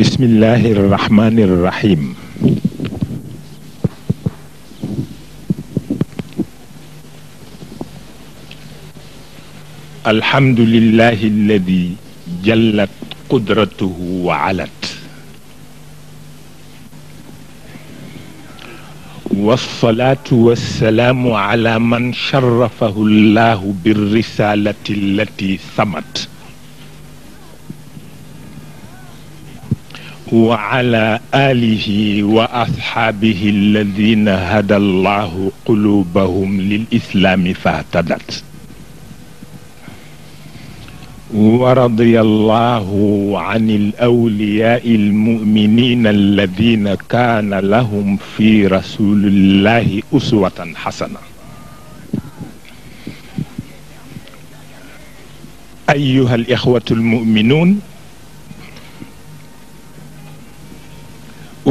بسم الله الرحمن الرحيم الحمد لله الذي جلت قدرته وعلت والصلاة والسلام على من شرفه الله بالرسالة التي ثمت وعلى آله وأصحابه الذين هدى الله قلوبهم للإسلام فاهتدت ورضي الله عن الأولياء المؤمنين الذين كان لهم في رسول الله أسوة حسنة أيها الإخوة المؤمنون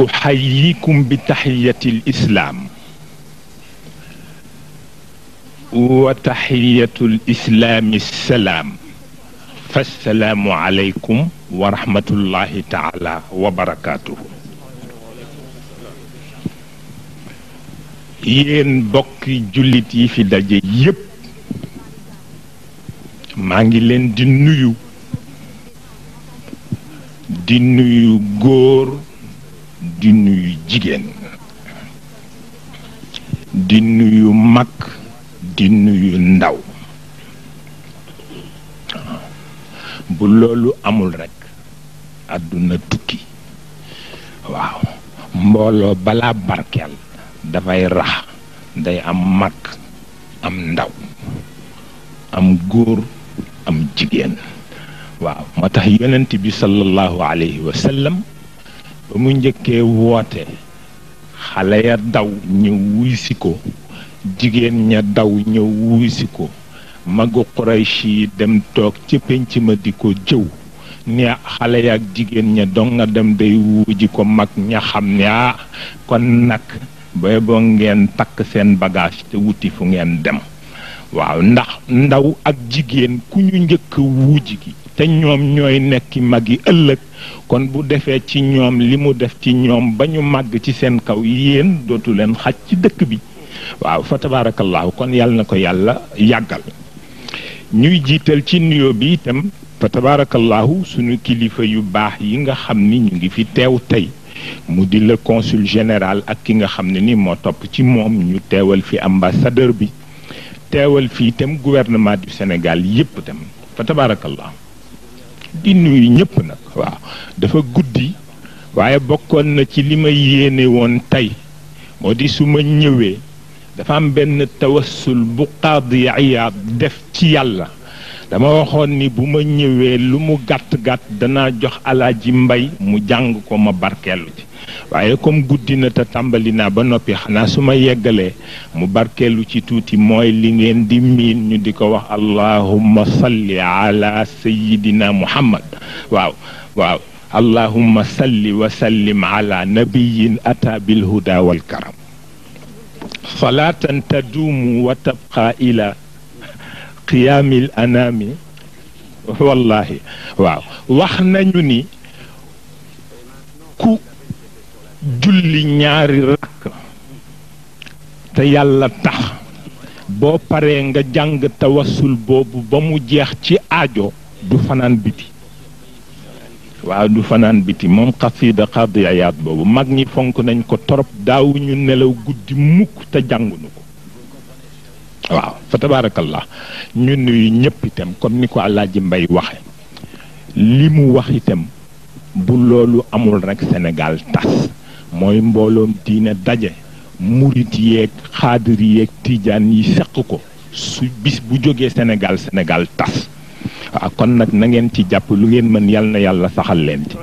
أحييكم بتحية الإسلام وتحية الإسلام السلام فالسلام عليكم ورحمة الله تعالى وبركاته yéen bokki jullit yi fi daje yépp maa ngi leen di nuyu di nuyu góor di nuyu jigéen di nuyu mag di nuyu ndaw bu loolu amul rekk àdduna tukki waaw mbooloo balaa barkeel dafay rax day am mag am ndaw am góor am jigéen waaw moo tax yonent bi sallallahu alayhi wa sallam ba mu njëkkee woote xale ya daw ñëw wuy si ko jigéen ña daw ñëw wuy ko magu Quraysh yi dem toog ci pénc ma di ko jëw ni xale yaak jigéen ña dong nga dem day wuuji ko mag ña xam ne ah kon nag ba boo ngeen takk seen bagage te wuti fu ngeen dem waaw ndax ndaw ak jigéen ku ñu njëkk wuuji gi te ñoom ñooy nekki mag yi ëllëg kon bu defee ci ñoom li mu def ci ñoom ba ñu màgg ci seen kaw yéen dootu leen xaj ci dëkk bi waaw fa tabaarakallaahu kon yàlla na ko yàlla yàggal ñuy jiital ci nuyoo bi itam fa tabaarakallaahu suñu kilifa yu baax yi nga xam ni ñu ngi fi teew tey mu di le consul général ak ki nga xam ne ni moo topp ci moom ñu teewal fi ambassadeur bi teewal fi itam gouvernement du Sénégal yépp itam fa tabaarakallaahu di nuyu ñëpp nag waaw dafa guddi waaye bokkoon na ci li ma yéene woon tey moo di su ma ñëwee dafa am benn tawassul bu qaadi iyaad def ci yàlla dama waxoon ni bu ma ñëwee lu mu gàtt gàtt danaa jox alaaji mbay mu jàng ko ma barkeelu ci waye comme guddi ta te tàmbali naa ba nopi xana suma ma mu barkelu ci tuuti moy li ngeen di min ñu diko wax allahumma salli ala sayyidina muhammad waaw waaw allahumma salli wa sallim ala nabiyyin ata bil huda wal karam salatan tadumu wa tabqa ila qiyaamil anaami والله واو واخنا nañu ni ku julli ñaari rakk te yàlla tax boo paree nga jàng tawassul boobu ba mu jeex ci aajo du fanaan biti waaw du fanaan biti moom xasida xaadi ayaat boobu mag ñi fonk nañ ko torop daawuñu nelaw guddi mukk te jànguñu ko waaw fa tabaarakallah ñu nuyu ñëpp itam ni ko Alaaji Mbay waxe li mu wax bu loolu amul rekk Sénégal tas mooy mbooloom diine daje murit yeeg xaadir yeeg tiijaan yi seq ko su bis bu jógee Sénégal Sénégal tas waaw ah, kon nag nangeen ci jàpp lu ngeen mën yal na yàlla saxal leen ci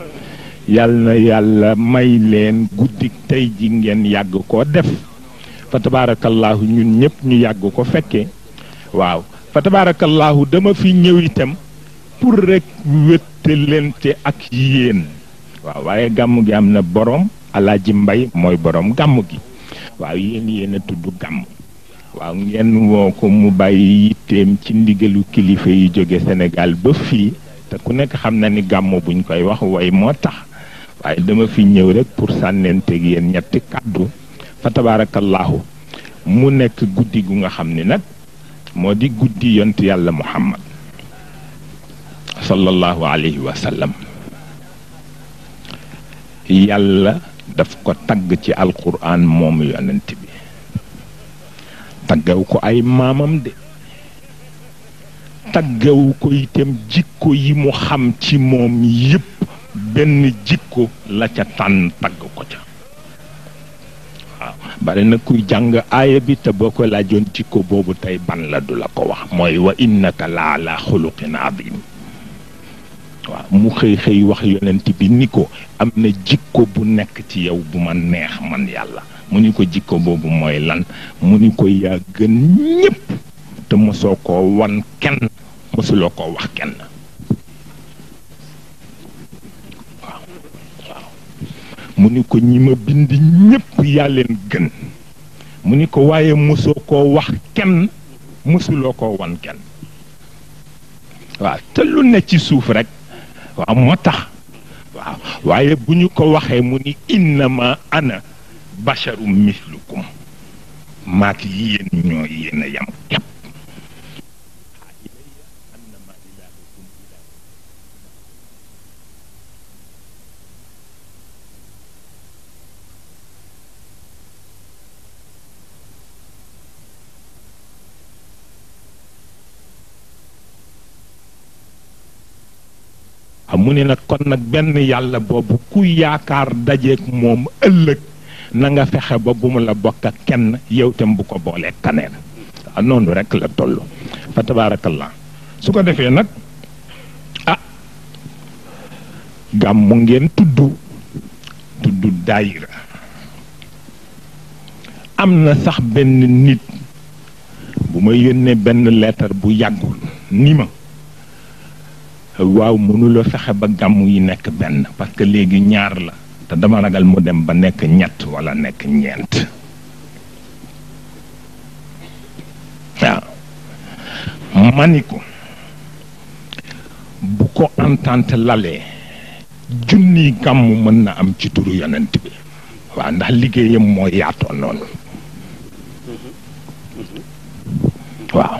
yal na yàlla may leen guddik tey ji ngeen yàgg ko def fa tabaarakallaahu ñun ñëpp ñu yàgg ko fekkee waaw fa tabaarakallaahu dama fi ñëw itam pour rek wéttalente ak yéen waaw waaye gàmm gi am na borom alaaji mbay mooy borom gàmm gi waaw yéen yéen tudd gàmm waaw ngeen woo ko mu bàyyi yitteem ci ndigalu kilifa yi jóge Sénégal ba fii te ku nekk xam na ni gàmm buñ koy wax woy moo tax waaye dama fi ñëw rek pour sànneenteeg yéen ñetti kàddu fa tabaarakallaahu mu nekk guddi gu nga xam ni nag moo di guddi yont yàlla muhammad sallallahu alayhi wa yàlla daf ko tagg ci alquran moom yonent bi taggaw ko ay maamam de taggaw ko itam jikko yi mu xam ci moom yépp benn jikko la ca tànn tagg ko ca waaw bari na kuy jàng aaya bi te boo ko laajoon jikko boobu tey ban la du la ko wax mooy wa innaka la ala xuluqin azim wa mu xey xey wax yonent bi niko amna am jikko bu nek ci yow bu ma neex man yalla mu ni ko jikko bobu moy lan mu ni ko gën ñépp te mu soko wan kenn mosuloo koo wax kenn mu ni ko ñi bind ñépp ya leen gën mu ni ko waaye mosoo wax kenn mosuloo koo wan kenn wa te lu ne ci suuf rek waaw moo tax waaw waaye bu ñu ko waxee mu ni innama ana basharum mislukum maak yéen ñoo yéen a yam mu ne nag kon nag benn yàlla boobu ku yaakaar dajeeg moom ëllëg na nga fexe ba bu mu la bokk kenn yow tam bu ko boolee kaneen ah, noonu rekk la toll fa tabaarakallah su ko defee nag ah gàmmu ngeen tudd tudd daayira am na sax benn nit bu ma yónnee benn leetar bu yàggul ni ma waaw mënuloo fexe ba gàmm yi nekk benn parce que léegi ñaar la te dama ragal mu dem ba nekk ñett wala nekk ñeent waaw mani ko bu ko entente lalee junniy gàmm mën na am ci turu yonent bi waaw ndax liggéeyam moo yaatoo noonu mm-hmm. Mm-hmm. waaw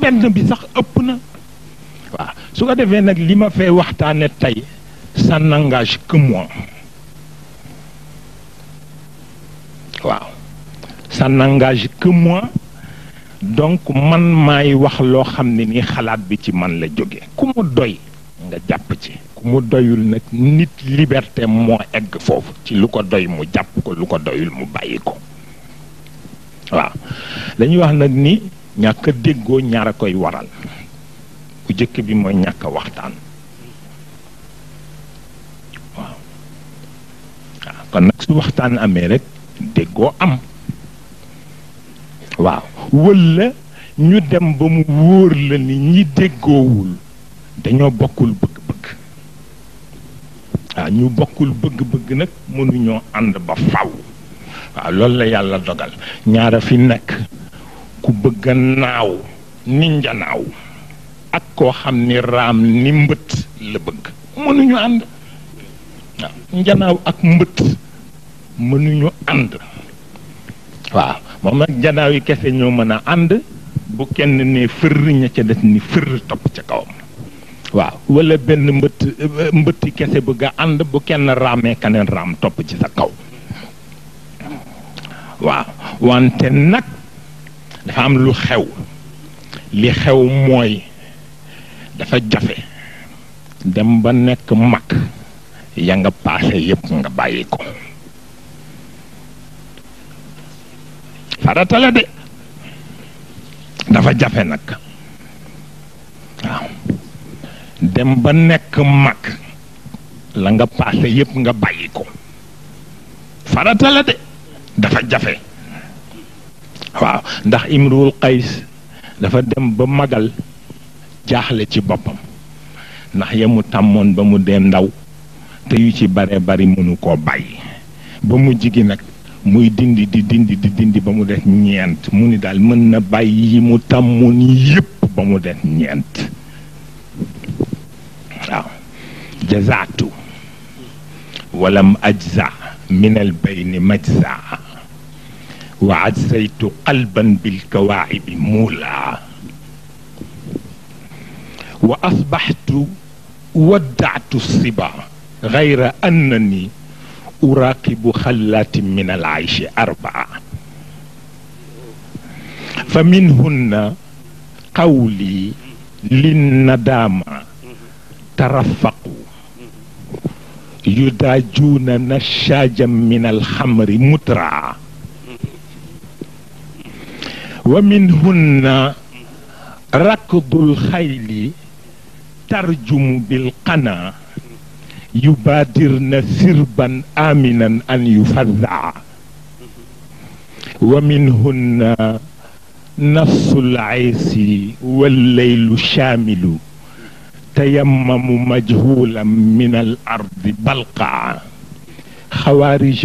benn bi sax ëpp na waaw su ko defee nag li ma fay waxtaane tey ça n'engage que moi waaw ça n'engage que moi donc man maay wax loo xam ne ni xalaat bi ci man la jóge ku mu doy nga jàpp ci ku mu doyul nag nit liberté moo egg foofu ci lu ko doy mu jàpp ko lu ko doyul mu bàyyi ko waaw dañuy wax nag ni ñàkk déggoo ñaar a koy waral ku jëkk bi mooy ñàkk waxtaan waaw waaw kon nag su waxtaan amee rek déggoo am waaw walla ñu dem ba mu wóor la ni ñi déggoowul dañoo bokkul bëgg-bëgg waaw ñu bokkul bëgg-bëgg nag mënuñoo ànd ba faw waaw loolu la yàlla dogal ñaara fi nekk ku bëgg a naaw ni njanaaw ak koo xam ni raam ni mbët la bëgg mënuñu ànd waaw njanaaw ak mbët mënuñu ànd waaw moom nag njanaaw yi kese ñoo mën a ànd bu kenn ne fër ña ca des ni fër topp ca kawam waaw wala benn mbëtt mbëtti kese bëgg ànd bu kenn raamee kaneen raam topp ci sa kaw waaw wante nag dafa am lu xew li xew mooy dafa jafe dem ba nekk mag ya nga paase yépp nga bàyyi ko farata de dafa jafe nag waaw dem ba nekk mag la nga paase yépp nga bàyyi ko farata de dafa jafe waaw ndax imruul qays dafa dem ba magal jaaxle ci boppam ndax mu tàmmoon ba mu dee ndaw te yu ci bare bari mënu koo bàyyi ba mu jigi nag muy dindi di dindi di dindi ba mu def ñeent mu ni daal mën na bàyyi mu tàmmoon yépp ba mu def ñeent waaw jazaatu walam ajza minal ni majza وعزيت قلبا بالكواعب مولعة وأصبحت ودعت الصبا غير أنني أراقب خلات من العيش أربعة فمنهن قولي للندامة ترفقوا يداجون نشاجا من الخمر مترعا ومنهن ركض الخيل ترجم بالقنا يبادرن سربا آمنا أن يفزع ومنهن نص العيس والليل شامل تيمم مجهولا من الأرض بلقع خوارج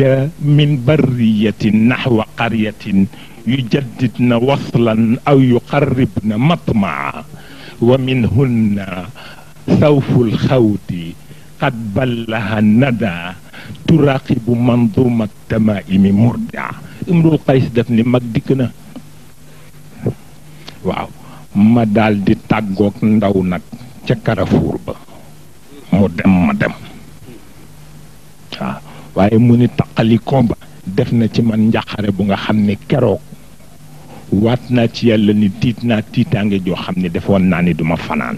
من برية نحو قرية يجددن وصلا او يقربن مطمعا ومنهن سوف الخود قد بلها الندى تراقب منظومة تمائم مردع امرو القيس دفني مجدكنا واو ما دال دي تاقوك ندونك تشكرا فوربا مدم مدم واي موني تقلي كومبا دفنا تمن جاخري بونغا خمني waat naa ci yàlla ni tiit naa tiitaange joo xam ne defoon naa ni duma fanaan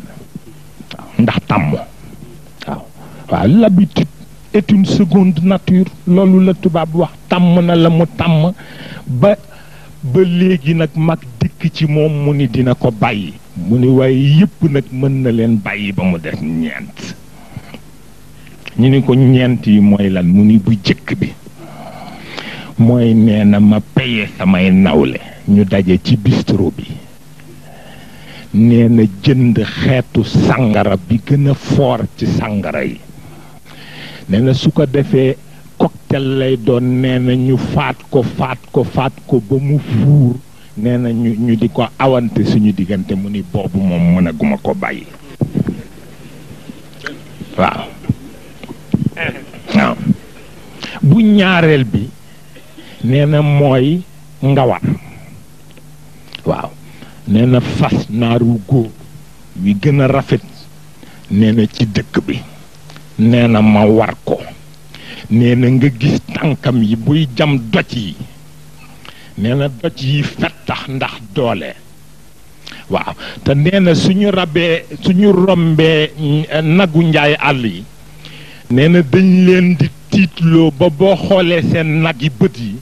ndax tàmm waaw waaw l'habitude est seconde nature loolu la tubaab wax tàmm na la mu tàmm ba ba léegi nag mag dikk ci moom mu ni dina ko bàyyi mu ni waaye yëpp nag mën na leen bàyyi ba mu def ñeent ñu ni ko ñeent yi mooy lan mu ni bu jëkk bi mooy nee na ma paye samay nawle ñu daje ci bistro bi nee jënd xeetu sàngara bi gëna a foor ci sàngara yi nee su ko defee cocktail lay doon nee na ñu faat ko faat ko faat ko ba mu fuur nee ñu di ko awante suñu diggante mu ni boobu moom mën a guma ko bàyyi waaw bu ñaareel bi nee mooy ngawar waaw nee na fas naaru góor wi gëna rafet nee ci dëkk bi nee na ma war ko neena nga gis tànkam yi buy jam doj yi nee na doj yi tax ndax doole waaw te nee suñu rabee suñu rombee eh, nagu njaay àll yi neena dëñ leen di tiitloo ba boo xoolee seen nag yi bët yi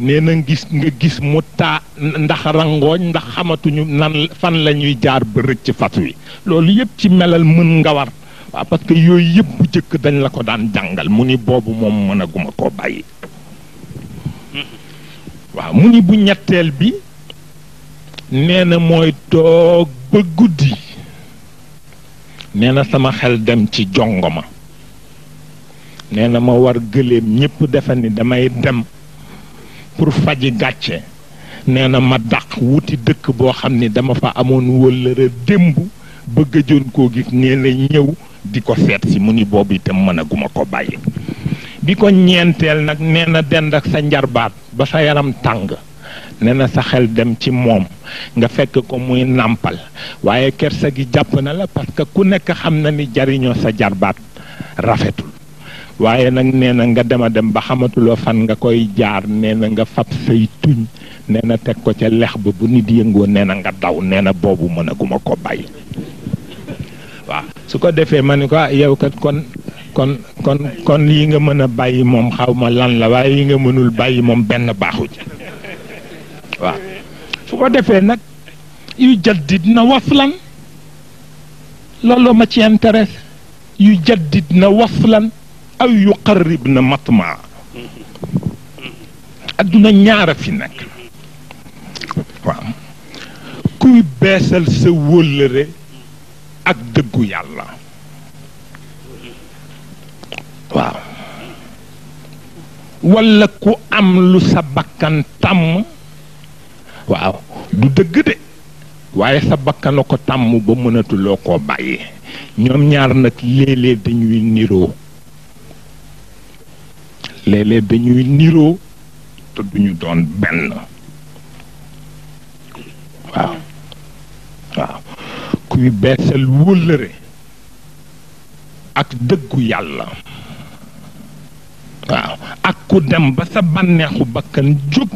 neena gis nga gis mu ta ndax rangoñ ndax xamatuñu nan fan lañuy jaar ba rëcc fas wi loolu yépp ci melal mën nga war waaw parce que yooyu yépp bu jëkk dañ la ko daan jàngal mu ni boobu moom mën aguma koo bàyyi waaw mu ni bu ñetteel bi nee mooy ba guddi sama xel dem ci jongoma nee ma war gëleem ñépp defe ni damay dem pour faji gàcce nee na ma dàq wuti dëkk boo xam ni dama fa amoon wëllëre démb bëgga a joon koo gis nee na ñëw di ko seet si mu ni boobu itam mën a guma ko bàyyi bi ko ñeenteel nag nee na dend ak sa njarbaat ba sa yaram tàng nee na sa xel dem ci moom nga fekk ko muy nàmpal waaye kersa gi jàpp na la parce que ku nekk xam na ni jariñoo sa jarbaat rafetul waaye nag nee na nga dema dem ba xamatuloo fan nga koy jaar nee na nga fab say tuñ nee teg ko ca lex ba bu nit yëngoo nee na nga daw nee na boobu mën a ko bàyyi waaw su ko defee ma ni ko ah, yow kat kon kon kon kon nga mën a bàyyi moom xaw ma lan la waaye yi nga mënul bàyyi moom benn baaxu ci waaw ko defee nag yu jaddid na waslan loolu ma ci intéresse yu jaddid na waslan aw yuqarrib na matmaa adduna ñaara fi nag waaw kuy beesal sa wóllëre ak dëggu yàlla waaw walla ku am lu sa bakkan tàmm waaw du dëgg de waaye sa bakkan ko tàmm ba mënatuloo koo bàyyi ñoom ñaar nag léeg-léeg dañuy niroo léeg-léeg dañuy niroo te duñu doon benn waaw waaw kuy beesal wóllëre ak dëggu yàlla waaw ak ku dem ba sa bànneexu bakkan jóg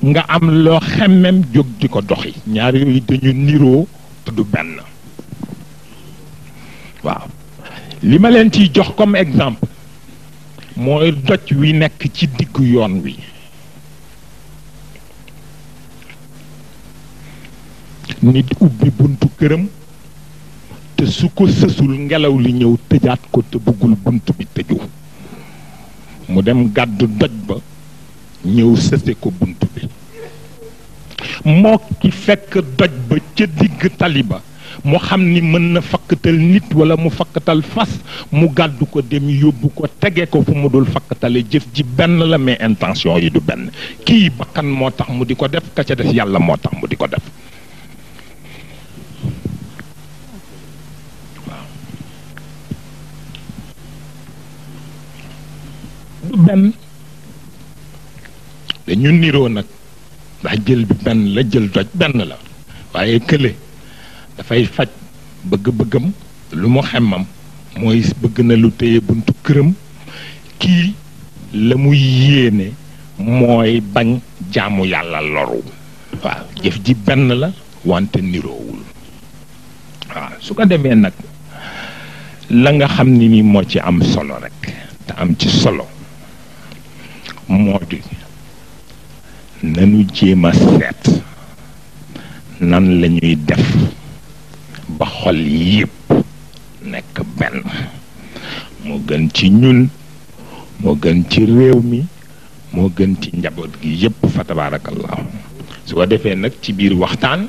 nga am loo xemmem jóg di ko doxi ñaar yooyu dañu niroo te du benn waaw li ma leen ciy jox comme exemple mooy doj wi nekk ci diggu yoon wi nit ubbi buntu këram te su ko sësul ngelaw li ñëw tëjaat ko te bëggul bunt bi tëju mu dem gàddu doj ba ñëw sëse ko bunt bi moo ki fekk doj ba ca digg taliba ba moo xam ni mën na fakkatal nit wala mu fakkatal fas mu gàddu ko dem yóbbu ko tege ko fu mu dul fakkatale jëf ji benn la mais intention yi du benn kii bakkan moo tax mu di ko def ka ca def yàlla moo tax mu di ko def du benn dañu niroo nag ndax jël bi benn la jël doj benn la waaye kële dafay faj bëgg-bëggam lu mu xemmam mooy bëgg na lu téye buntu këram kii la muy yéene mooy bañ jaamu yàlla loru waaw jëf ji benn la wante niroowul waaw su ko demee nag la nga xam ni ni moo ci am solo rekk te am ci solo moo di nanu jéem seet nan lañuy def ba xol yépp nekk benn moo gën ci ñun moo gën ci réew mi moo gën ci njaboot gi yépp fa tabaarakallaahu su defee nag ci biir waxtaan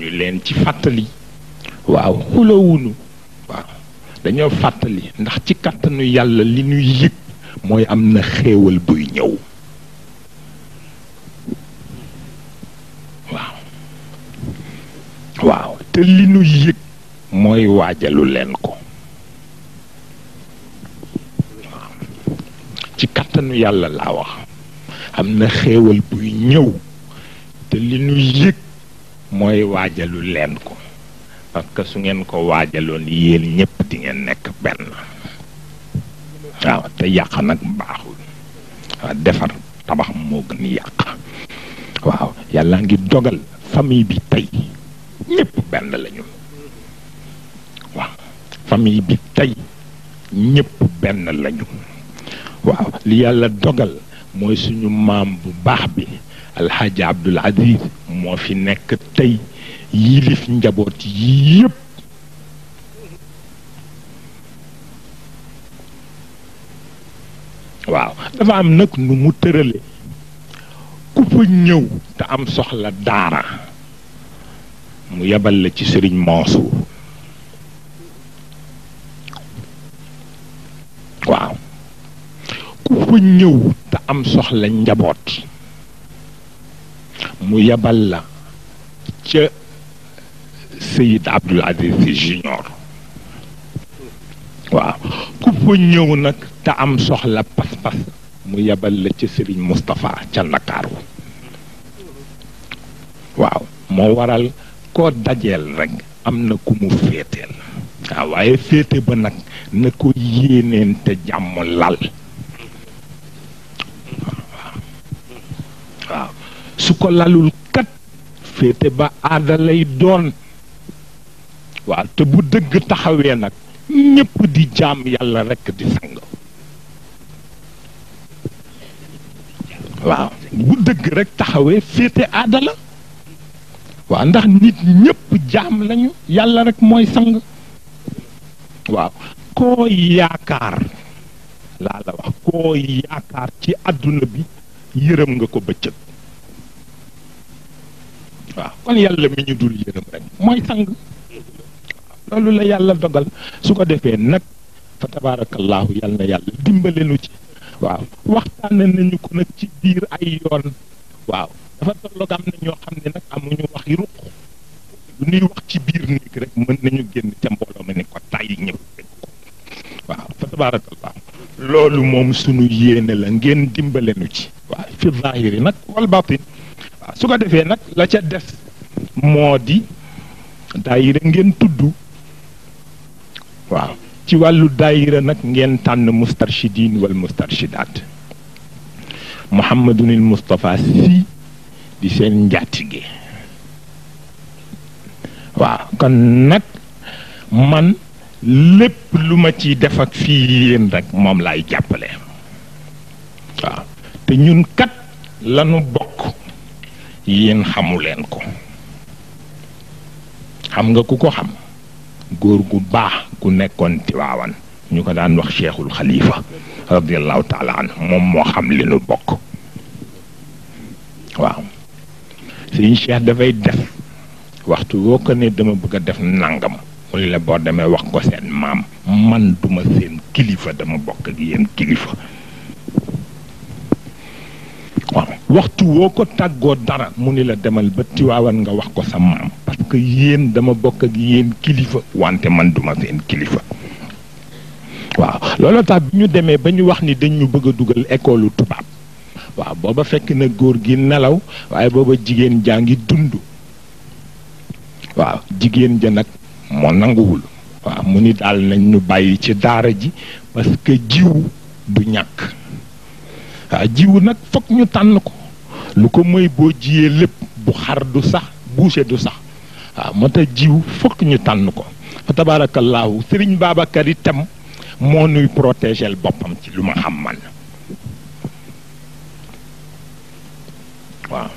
ñu leen ci fàttali waaw xulawunu waaw dañoo fàttali ndax ci kàttanu yàlla li ñuy yëg mooy am na xéewal buy ñëw waaw waaw te li nu yëg mooy waajalu leen ko ci kàttanu yàlla laa wax am na xéewal buy ñëw te li nu yëg mooy waajalu leen ko parce que su ngeen ko waajaloon yéen ñépp di ngeen nekk benn waaw te yàq nag baaxul waaw defar tabax moo gën yàq waaw yàlla ngi dogal famille bi tey ñépp benn lañu waaw famille bi tey ñépp benn lañu waaw li yàlla dogal mooy suñu maam bu baax bi alxaaji abdul aziz moo fi nekk tey yilif njaboot yi yépp waaw dafa am nag nu mu tërale ku fa ñëw te am soxla daara mu yebal la ci sëriñ moosu waaw ku fa ñëw te am soxla njaboot mu yebal la ca Seyid Abdul Aziz Junior waaw ku fa ñëw nag te am soxla pas-pas mu yebal la ca sëriñ Moustapha ca Ndakaaru waaw moo waral koo dajeel rekk am na ku mu féeteel waaw waaye féete ba nag na ko yéeneen te jàmm lal su ko lalul kat féete ba aada lay doon waaw te bu dëgg taxawee nag ñépp di jaam yàlla rekk di sang waaw bu dëgg rekk taxawee féete aada waaw ndax nit ñëpp jaam lañu yàlla rek mooy sang waaw koo yaakaar laa la wax koo yaakaar ci àdduna bi yërëm nga ko bëccëg waaw kon yàlla mi ñu dul yërëm rek mooy sang loolu la yàlla dogal su ko defee nag fa tabaarakallaahu yàlla na yàlla dimbale nu ci waaw waxtaane nañu ko nag ci biir ay yoon waaw dafa tolloog am na ñoo xam ne nag amuñu wax yi ruq lu ñuy wax ci biir néeg rek mën nañu génn ca mbooloo ma ne ko tàyyi ñëpp dégg ko waaw fa tabaarakallah loolu moom sunu yéene la ngeen dimbalenu ci waaw fi zahiri nag wal waaw su ko defee nag la ca des moo di daayira ngeen tudd waaw ci wàllu daayira nag ngeen tànn mustarshidin wal mustarshidaat muhammadunil mustafa si di seen gi waaw kon nag man lépp lu ma ci def ak fii yéen rek moom laay jàppale waaw te ñun kat lanu bokk yéen xamu leen ko xam nga ku ko xam góor gu baax ku nekkoon Tiwaawan ñu ko daan wax seexul xalifa radiallahu taala anhu moom moo xam li bokk waaw sëriñ Cheikh dafay def waxtu woo ko ne dama bëgg a def nangam mu la boo demee wax ko seen maam man duma seen kilifa dama bokk ak yéen kilifa waaw woo ko tàggoo dara mu ni la demal ba Tiwaawan nga wax ko sa parce que yéen dama bokk ak kilifa wante man duma seen kilifa waaw looloo tax bi ñu demee ba ñu wax ni dañ bëgg a dugal école tubaab waaw booba fekk na góor gi nelaw waaye booba jigéen jaa ngi dund waaw jigéen ja nag moo nanguwul waaw mu ni daal nañ ñu bàyyi ci daara ji parce que jiw du ñàkk waaw jiw nag foog ñu tànn ko lu ko moy boo jiyee lépp bu xar du sax boucher du sax waaw moo tax jiw foog ñu tànn ko fa tabaarakallaahu sëriñ Babacar tem moo nuy protégel boppam ci lu ma xam man waaw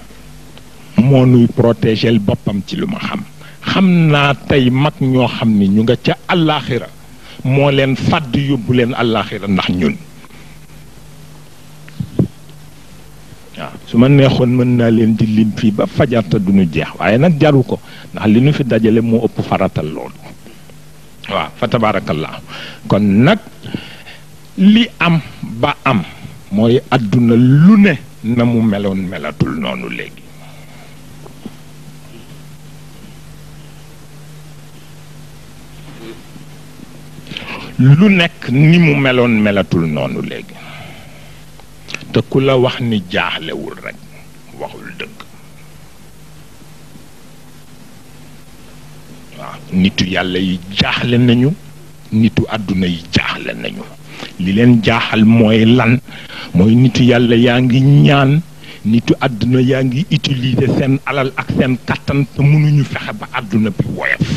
moo nuy protégel boppam ci lu ma xam xam naa tey mag ñoo xam ni ñu nga ca àllaaxira moo leen fàdd yóbbu leen àllaaxira ndax ñun waaw su ma neexoon mën naa leen di lim fii ba fajarta duñu jeex waaye nag jaru ko ndax li nu fi dajale moo ëpp faratal loolu waaw fa tabaarakallaahu kon nag li am ba am mooy àdduna lu ne na mu meloon melatul noonu léegi lu nekk ni mu meloon melatul noonu léegi te ku la wax ni jaaxlewul rekk waxul dëgg waaw nitu yàlla yi jaaxle nañu nitu àdduna yi jaaxle nañu li leen jaaxal mooy lan mooy nitu yàlla yaa ngi ñaan nitu àdduna yaa ngi utiliser seen alal ak seen kàttan te mënuñu fexe ba àdduna bi woyof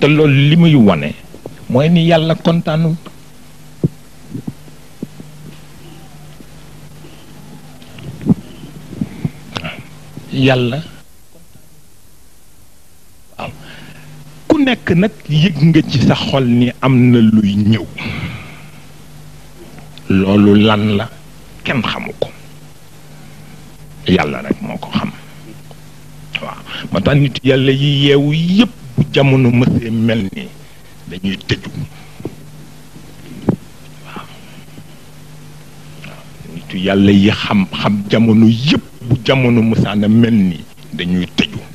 te loolu li muy wane mooy ni yàlla kontaanul yàlla ku nekk nag yëg nga ci sa xol ni am na luy ñëw loolu lan la kenn xamu ko yàlla rek moo ko xam waaw moo tax nit yàlla yi yeewu yépp jamono mësee mel dañuy tëju yàlla yi xam xam jamono yépp bu jamono mësaana mel nii dañuy tëju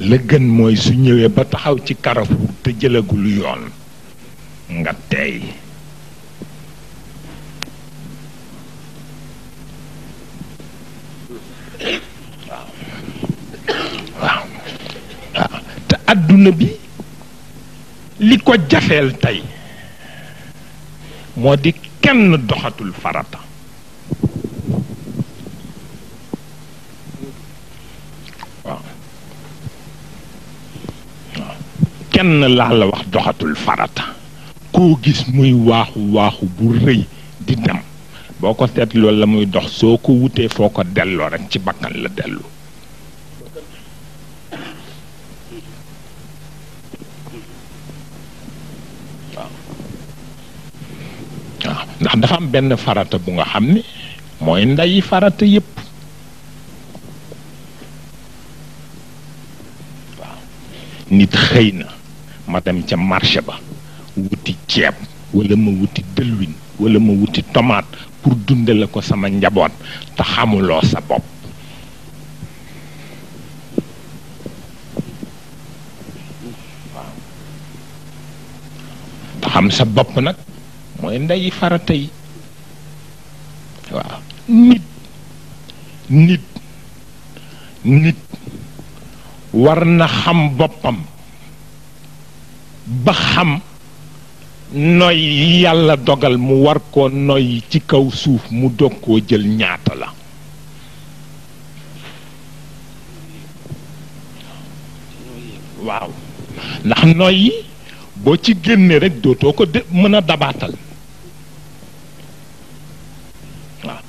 la gën mooy su ñëwee ba taxaw ci carrefour te jëlagul yoon nga tey waaw te àdduna bi li ko jafeel tey moo di kenn doxatul farata kenn laa wax doxatul farata koo gis muy waaxu waaxu bu rëy di dem boo ko seet loolu la muy dox soo ko wutee foo ko delloo rekk ci bakkan la dellu ndax dafa am benn farata bu nga xam ni mooy nday farata yépp waaw nit xëy na ma dem ca marché ba wuti ceeb walla ma wuti dëlwin wala ma wuti tomate pour dundale ko sama njaboot te xamuloo sa bopp xam sa bopp nag mooy ndey farata yi waaw nit nit nit war na xam boppam ba xam noy yàlla dogal mu war koo noy ci kaw suuf mu dog koo jël ñaata la waaw ndax noy yi boo ci génnee rek dootoo ko de mën a dabaatal waaw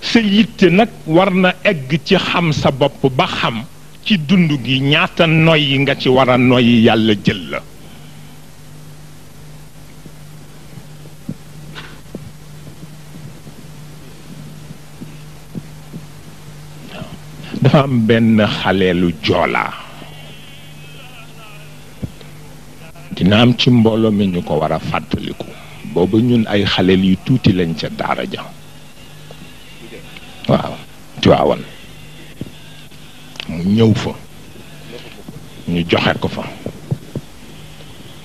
sa yitte nag war na egg ci xam sa bopp ba xam ci dund gi ñaata noy yi nga ci wara a noy yàlla jël la dafa am benn xaleelu joolaa dina am ci mbooloo mi ñu ko wara a fàttaliku booba ñun ay xaleel yu tuuti lañ ca daara ja waaw mu ñëw fa ñu joxe ko fa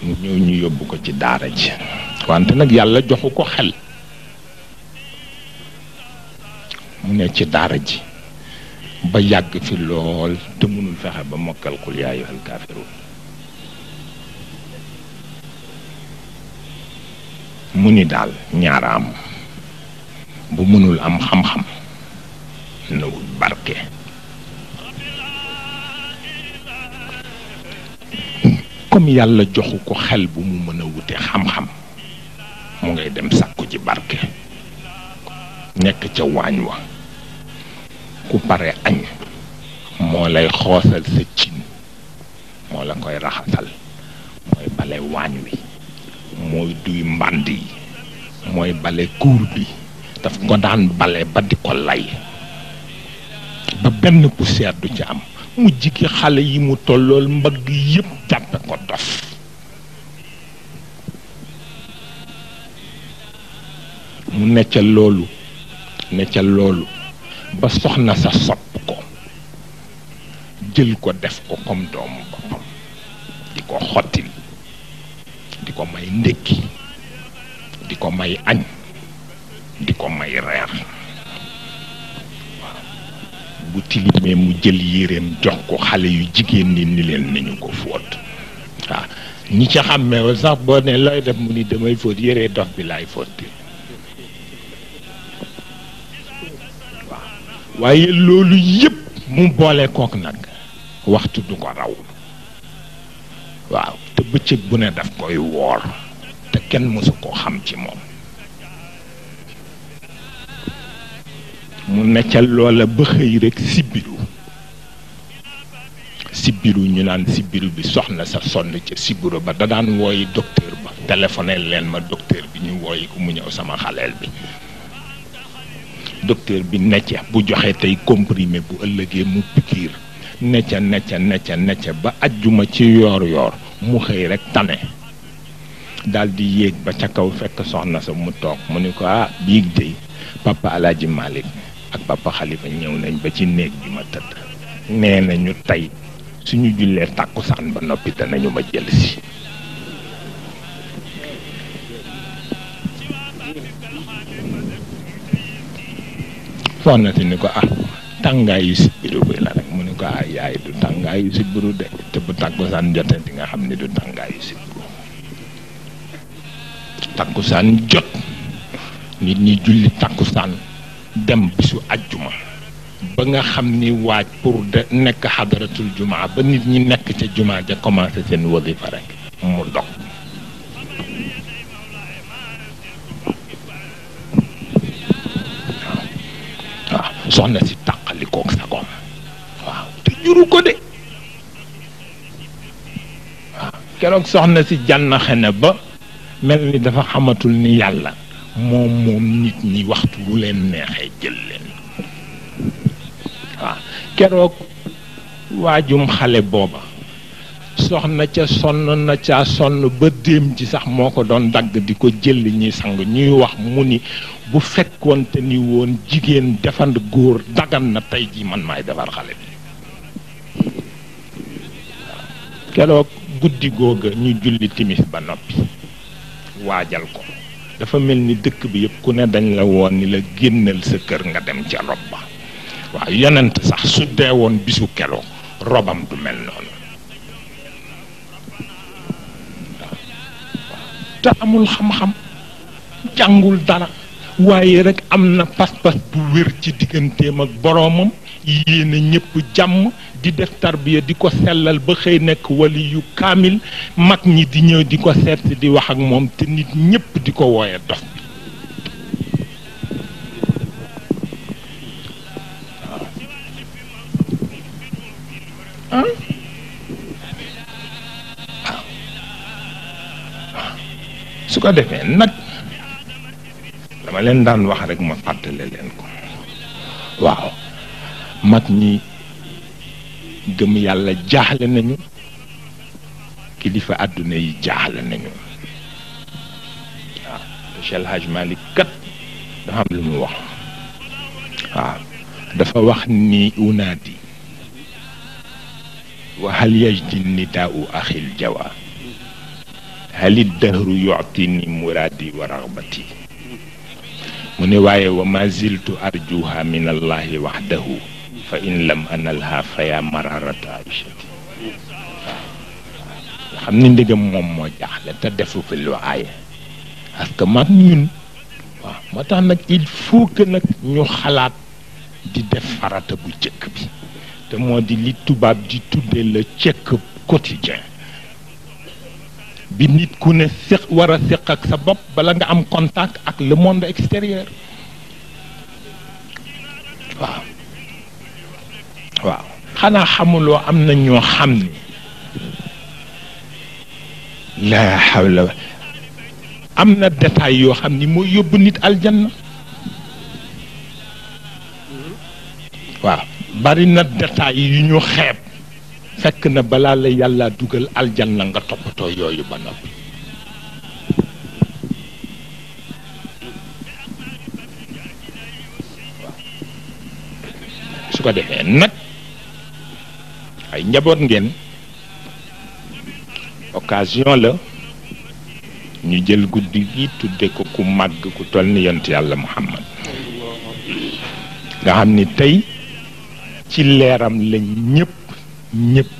mu ñëw ñu yóbbu ko ci daara ji wante nag yàlla joxu ko xel mu ne ci daara ji ba yàgg fi lool te mënul fexe ba mokkal xul yaa ayyuhal kaafiruun mu ni daal ñaara am bu mënul am xam-xam na wut barke comme yàlla joxu ko xel bu mu mën a wute xam-xam mu ngay dem sàkku ci barke nekk ca waañ wa ku pare añ moo lay xoosal sa cin moo la koy raxasal mooy bale waañ wi mooy duy mbànd yi mooy bale kuur bi daf ko daan bale ba di ko lay ba benn poussière du ci am mu jikki xale yi mu tollool mbagg yépp jàppe ko dof mu necca loolu necca loolu ba soxna sa sopp ko jël ko def ko comme doomu boppam di ko xottil di ko may ndékki di ko may añ di ko may reer bu tilimee mu jël yéreem jox ko xale yu jigéen ñi ni leen nañu ko fóot waaw ñi ca xàmmee sax boo ne looy def mu ni damay fóot yére dof bi laay fóot waaye loolu yépp mu boole kook nag waxtu du ko raw waaw te bëccëg bu ne daf koy woor te kenn mësu ko xam ci moom mu neccal loola ba xëy rekk sibbiru sibbiru ñu naan sibbiru bi soxna sa sonn ca sibbiru ba da daan wooyi docteur ba téléphoné leen ma docteur bi ñu wooyi ko mu ñëw sama xaleel bi docteur bi ne bu joxe tay comprimé bu ëllëgé mu pikir ne ca ne ca ba aljuma ci yor yor mu xey rek tané dal di yéeg ba ca kaw fekk soxna sa mu toog mu ni ko ah biig papa alaji malik ak papa khalifa ñëw nañ ba ci néeg bi ma tëdd nee nañu tey suñu jullee saan ba noppi danañu ma jël si fonna na ni ko ah tangaayu sibiru bi la rek mu ni ko ay ay du tangaayu sibiru de te bu san jotee di nga xam ni du tangaayu sibiru san jot nit ñi julli san dem bisu aljuma ba nga xamni ni waaj pour de nek hadratul juma ba nit ñi nek ci juma ja commencé sen wasifa rek mu dog soxna si tàqalikook sagoom waaw te juru ko de keroog soxna si jànn xene ba mel ni dafa xamatul ni yàlla moom moom nit ñi waxtu wu leen neexee jël leen waaw keroog waajum xale booba soxna ca sonn na ca sonn ba dem ji sax moko don dag di ko jël ñuy sang ñuy wax muni bu fekkonte ni won jigen defand góor dagan na tay ji man may defar xale bi keroog guddi goga ñu julli timis ba nopi wajal ko dafa melni dekk bi yëpp ku ne dañ la won ni la gennel sa kër nga dem ci robba ba yonent sax su dee bisu keroog robam du mel noonu te amul xam-xam jàngul dara waaye rek am na pas-pas bu wér ci digganteem ak boroomam yéene ñëpp jàmm di def tarbiya di ko sellal ba xëy nekk wali yu kaamil mag ñi di ñëw di ko seet di wax ak moom te nit ñëpp di ko wooye dof bi su defé nak dama len dan wax rek ma fàttale len ko waaw mat ñi gëm yàlla jaxle nañu kilifa aduna yi jaxle nañu waaw Cheikh El Hadj Malick kat dafa am lu mu wax waaw dafa wax ni unaati wa hal yajdi nitaa axil هل الدهر يعطيني مرادي ورغبتي من واي وما زلت أرجوها من الله وحده فإن لم أنلها فيا مرارة عيشتي xam ni ndegam moom moo jaaxle te defu fi lu aaye parce que maag ñun waaw moo tax nag il faut que nag ñu xalaat di def farata bu jëkk bi te moo di li tubaab di tuddee le check-up quotidien bi nit ku ne séq war a séq ak sa bopp bala nga am contact ak le monde extérieur waaw waaw xanaa xamuloo am na ñoo xam ni laa xawla am na détail yoo xam ni mooy yóbbu nit aljanna waaw bari na détail yu ñu xeeb fekk na balaa la yàlla dugal aljanna nga toppatoo yooyu ba noppi su ko defee nag ay njaboot ngeen occasion la ñu jël guddi gi tudde ko ku màgg ku toll ni yont yàlla muhammad nga xam ni tey ci leeram lañ ñépp ñëpp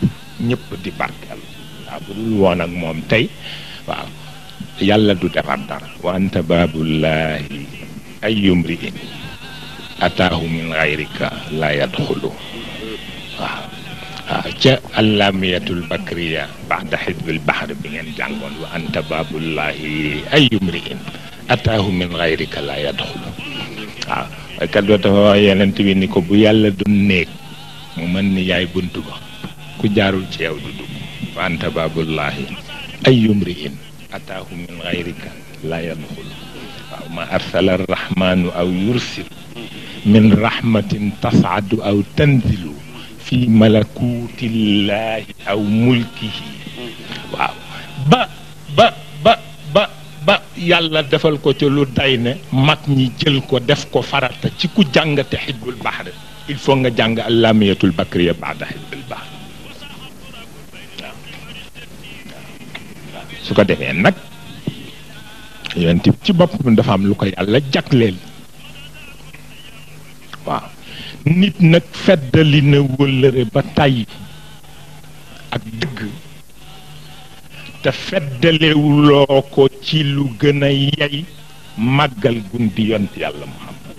ñëpp di barkeel waaw bu dul woon ak moom tey waaw yàlla du defar dara wa anta baabullaahi ayyum ri'in ataahu min gayrika la yadxulu waaw ca allaamiyatul bakriya baxda xisbil baxar bi ngeen jàngoon wa anta baabullaahi ayyum ri'in ataahu min gayrika la yadxulu waaw waykat ba dafa wax yonent ni ko bu yàlla doon néeg mu mën ni yaay bunt ba ku jaarul ci yow du dugg fa anta baabullaahi ayum riin ataahu min gayrika la yadxul waaw ma arsala arrahmanu aw yursil min rahmatin tasaadu aw tanzilu fi malakutillahi aw mulkihi waaw ba ba ba ba ba yàlla defal ko ci lu day ne mag ñi jël ko def ko farata ci ku jàngate xijbul baxr il faut nga jàng allamiyatul bakriya baada xijbul baxr su ko defee nag yonent bi ci boppam dafa am lu ko yàlla jagleel waaw nit nag feddali na wëllëre ba tàyyi ak dëgg te feddalewuloo ko ci lu gën a yey màggal gundi yont yàlla Muhammad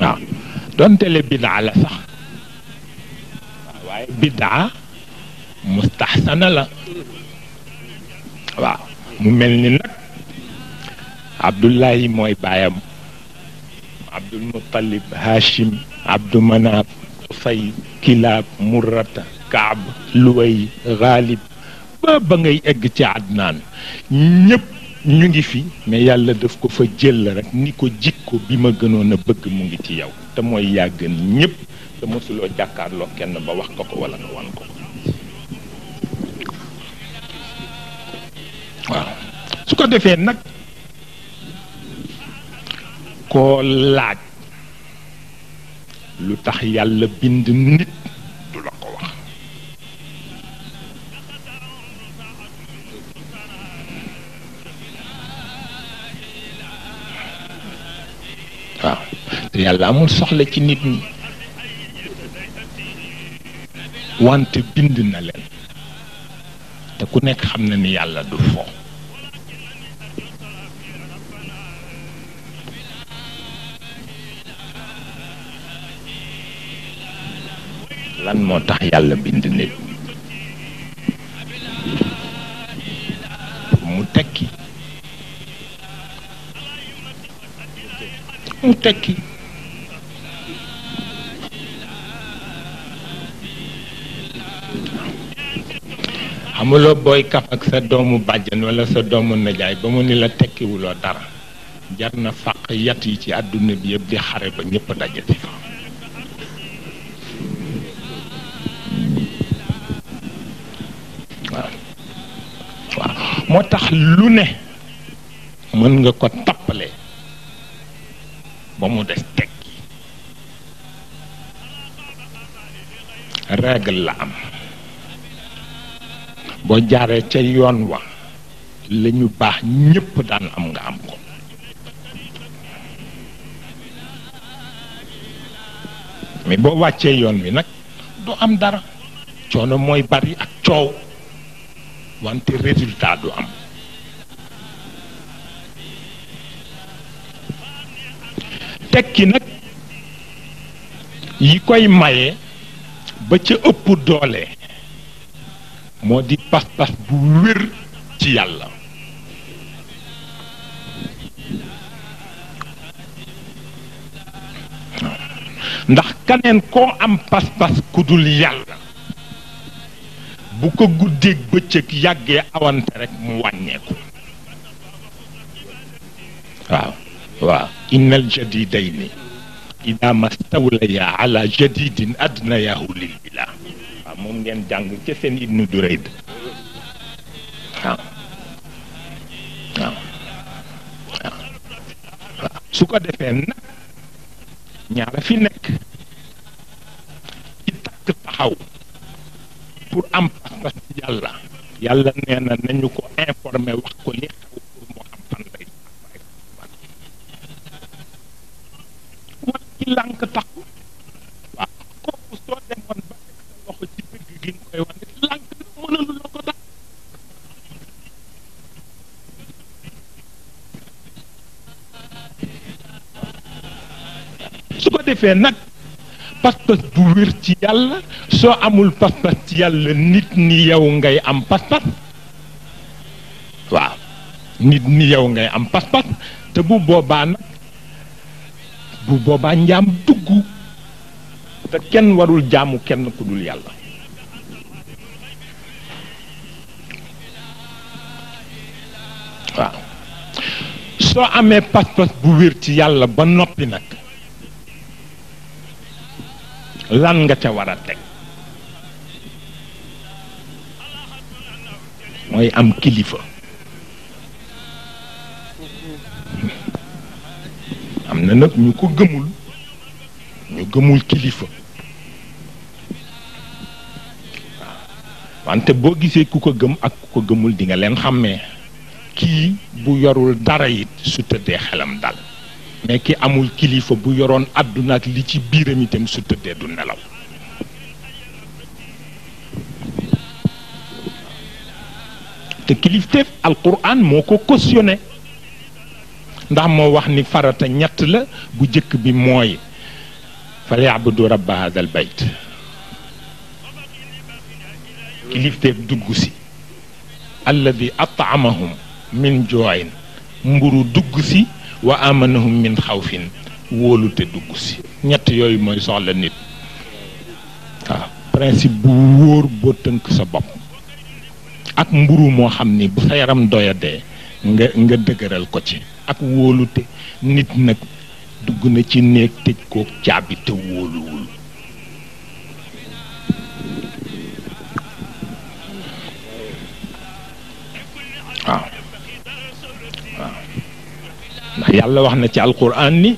waaw donte le bidaa la sax waaye biddaa mustaxsana la waaw mu mel ni nag abdullahi mooy baayam abdul muttalib hashim abdu manaab qusay kilaab murrata kaab luway xaalib ba ba ngay egg ci adnaan ñépp ñu ngi fi mais yàlla daf ko fa jël rek ni ko jikko bi ma gënoon a bëgg mu ngi ci yow te mooy yàgg gën ñépp te mosuloo kenn ba wax ko ko wala nga ko waaw su ko defee nag koo laaj lu tax yàlla bind nit du la ko wax waaw yàlla amul soxla ci nit wante bind na leen te ku nekk xam na ni yàlla du fo lan moo tax yàlla bind nit mu tekki mu tekki amuloo booy kaf ak sa doomu bàjjan wala sa doomu najaay ba mu ni la tekkiwuloo dara jar na fàq yat yi ci àdduna bi yëpp di xare ba ñëpp dajati fa waaw waaw moo tax lu ne mën nga ko tappale ba mu des tekki règle la am boo jaaree ca yoon wa la ñu baax ñépp daan am nga am ko mais boo wàccee yoon wi nag du am dara coono mooy bari ak coow wante résultat du am teg ki nag yi koy maye ba ca ëpp doole moo di pas-pas bu wér ci yàlla ndax kaneen koo am pas-pas ku dul yàlla bu ko guddeeg bëccëg yàggee awante rek mu wàññeeku waaw waaw innal jadidayni ida mastawlaya ala jadidin adnayahu ngeen jang ci seen ibnu durayd su ko defee nag ñaara fi nekk ci takk taxaw pour am pas yàlla yàlla nee na nañu ko informer wax ko li defee nak pas-pas du wir ci yalla so amul pas-pas ci yalla nit ni yow ngay am pas-pas wa nit ni yow ngay am pas-pas te bu boba nak bu boba ñam dugg te kenn warul jaamu kenn ku dul yalla so ame amee pas-pas bu wir ci yalla ba nopi nak lan nga ca wara teg mooy am kilifa am na nag ñu ko gëmul ñu gëmul kilifa wante boo gisee ku ko gëm ak ku ko gëmul dinga leen xàmmee kii bu yorul dara it su tëddee xelam dal mais ki amul kilifa bu yoroon àdduna li ci biiram itam su tëddee du nelaw te kilifteef alquran moo ko cautionné ndax moo wax ni farata ñett la bu jëkk bi mooy falyabudu rabba hadal bayt kilifteef dugg ci alladi atamahum min jooyin mburu dugg ci wa amanahum min xawfin wóolu te dugg si ñett yooyu mooy soxla nit waaw principe bu wóor boo tënk sa bopp ak mburu moo xam ni bu sa yaram doyadee nga nga dëgëral ko ci ak wóolute nit nag dugg na ci néeg tëj kook caabi te wóoluwul waaw ndax yàlla wax na ci alquran ni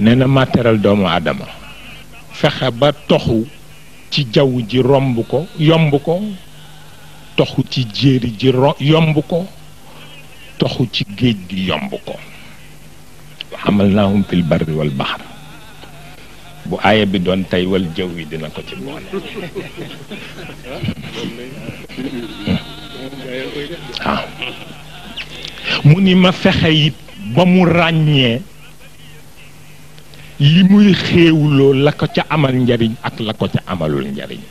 nee na ma doomu aadama fexe ba toxu ci jaww ji romb ko yomb ko toxu ci jéeri ji yomb ko toxu ci géej gi yomb ko wa hamalnaahum fil barri wal bahr bu aaya bi doon tey wal jaw wi dina ko ci boole hmm. Hmm. muni ma fexe it ba mu ragné li muy xewlo la ko ci amal njariñ ak la ko ci amalul njariñ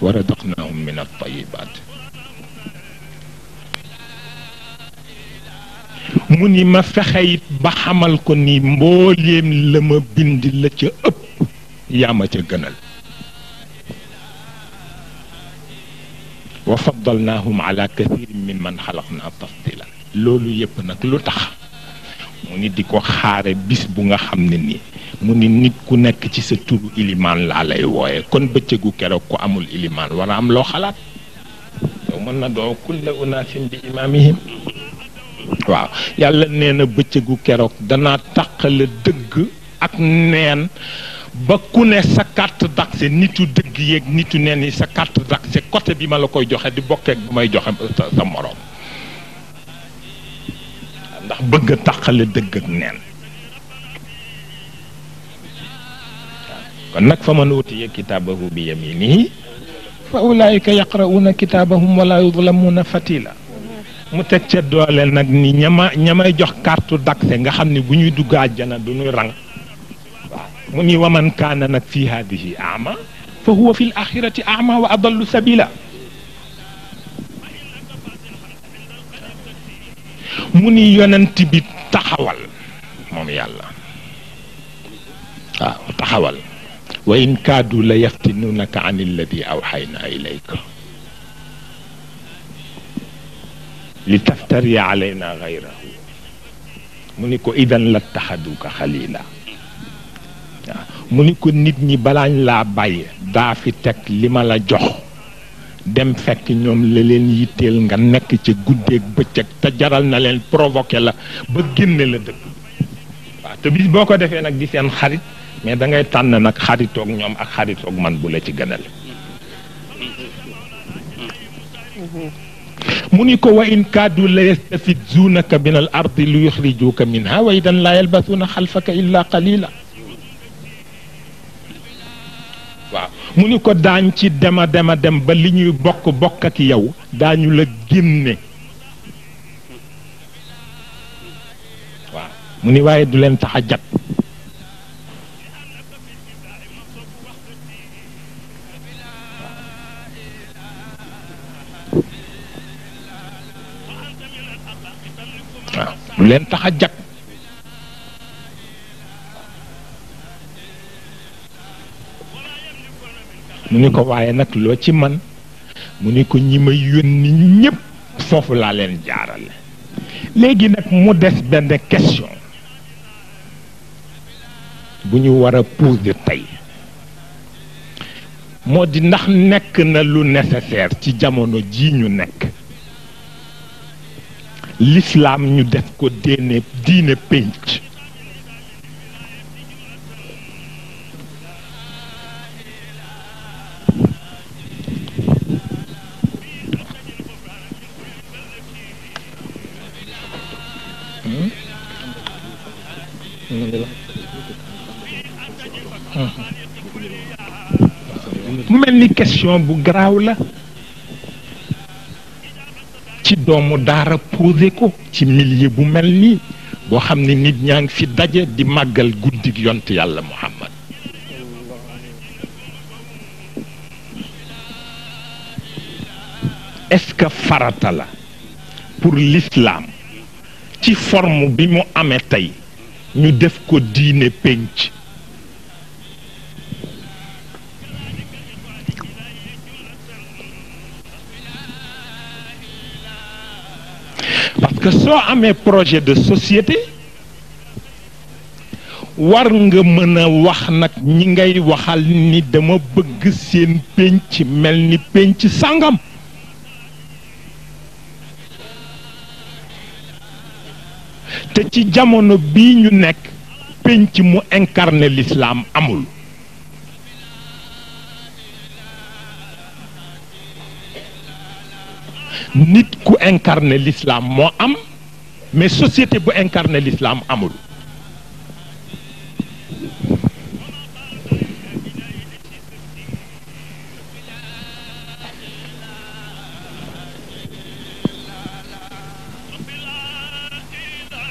wa razaqnaahum min at tayyibat muni ma fexe it ba xamal ko ni mbolem la ma bind la ci ëpp yama ci gënal وفضلناهم على كثير ممن خلقنا تفضيلاً loolu yëpp nag lu tax mu ni di ko xaare bis bu nga xam ne nii mu ni nit ku nekk ci sa turu ilimaan laa lay wooye kon bëccëgu keroog ku amul ilimaan war a am loo xalaat yow mën na doo kulla unaasin bi imaamihim waaw yàlla nee bëccëgu keroog danaa taqale dëgg ak neen ba ku ne sa carte d'accès nitu dëgg yeeg nitu neen yi sa carte d'accès côté bi ma la koy joxe di bokkeek bu may joxe sa moroom ndax bëgg a taqale dëgg ak neen kon nak fa man ya kitabahu bi yamini fa ulaayika yaqra'uuna kitaabahum wala yudlamuuna fatila mu tek ci doole nak ni ñama ñamay jox carte d'accès nga xamni bu ñuy dugg aljana du ñuy rang waaw mu ni waman kana nak fi hadhihi ama fa huwa fil akhirati ama wa adallu sabila muni ni yonent bi taxawal mom yàlla ah taxawal wa in kadu la yaftinunaka an alladi awhayna ilayka li taftari alayna ghayrahu muni ko idan la tahaduka khalila muni ko nit ñi balañ la baye da fi tek lima la jox dem fekk ñoom la leen yitteel nga nekk ci guddeeg bëccëg te jaral na leen provoqué la ba génne la dëkk waaw te bis boo ko defee nag di seen xarit mais da ngay tànn nag xaritoog ñoom ak xaritoog man bu la ci gënal mu ni ko wa in kaadu la yastafizuunaka min al ardi li yuxrijuuka minha wa idan laa yalbasuuna xalfaka illa qalila mu ni ko daañ ci dema dema dem ba li ñuy bokk bokk ak yow daañu la génne waaw mu ni waaye du leen tax a jat leen tax a jat mu ni ko waaye nag loo ci man mu ni ko ñi ma yónni ñëpp foofu laa leen jaarale léegi nag mu des benn question bu ñu war a poser tey moo di ndax nekk na lu nécessaire ci jamono ji ñu nekk lislaam ñu def ko diine pénc question bu garaaw la ci doomu daara posé ko ci milieu bu mel nii boo xam ne nit ñaa ngi fi daje di màggal guddik yont yàlla Muhammad est-ce farata la pour l'islam ci forme bi mu amee tey ñu def ko diine pénc que soo amee projet de société war nga mëna wax nag ñi ngay waxal ni dama bëgg seen pénc mel ni pénc sàngam te ci jamono bii ñu nekk pénc mu incarne lislaam amul nit ku incarner l'islam mo am mais société bu incarner l'islam amul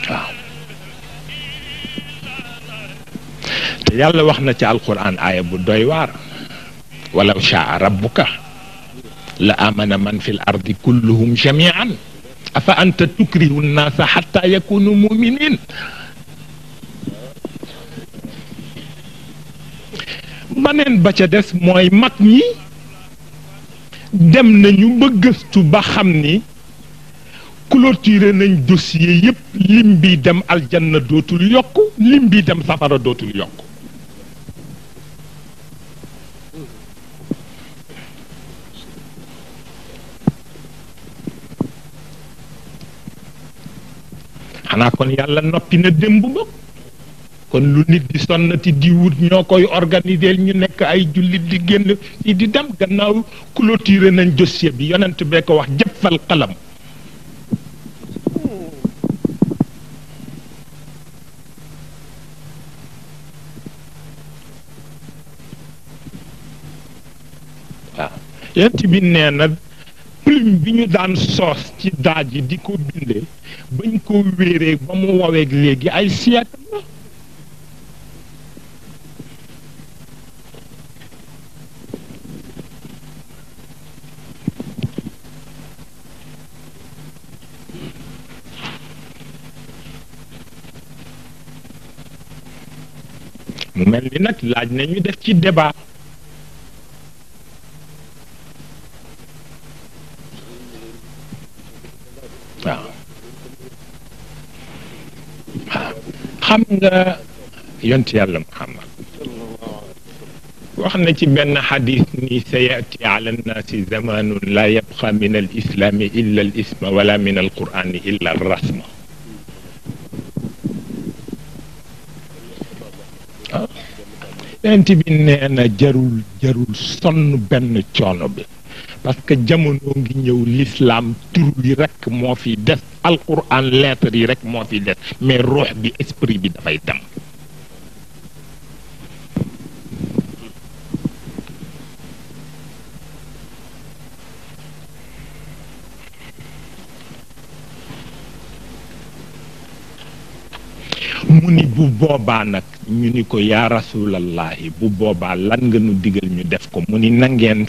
yalla te yàlla wax ci alquran aya bu doy war wala sha rabbuka لآمن من في الأرض كلهم جميعا أفأنت تكره الناس حتى يكونوا مؤمنين maneen ba ca des mooy mag ñi dem nañu ba gëstu ba xam ni clôturer nañ dossier yépp lim bi dem aljanna dootul yokk lim bi dem safara dootul yokk xanaa kon yàlla noppi na démb ba kon lu nit di sonnati di wut ñoo koy organiser ñu nekk ay jullit di génn fii di dem gannaaw clôturé nañ dossier bi yonent bee ko wax jëfal xalam waaw yonent bi nee na plume bi ñu daan soos ci daaj yi di ko bindee bañ ko wéeree ba mu woweeg léegi ay siècle la mu mel ni nag laaj nañu def ci débat xamna yont yàlla muhammad waxna ci ben hadith ni sayati ala an-nas zaman la yabqa min al islam illa al ism wa la min al quran illa al rasma yonent bi neena jarul jarul sonn ben coono bi parce que jamono ngi ñew l'islam tur bi rek mo fi def alquran lettre yi rek mo fi def mais ruux bi esprit bi dafay dem mu ni bu boba nak ñu ni ko ya rasulallah bu boba lan nga nu digal ñu def ko mu ni na ngeen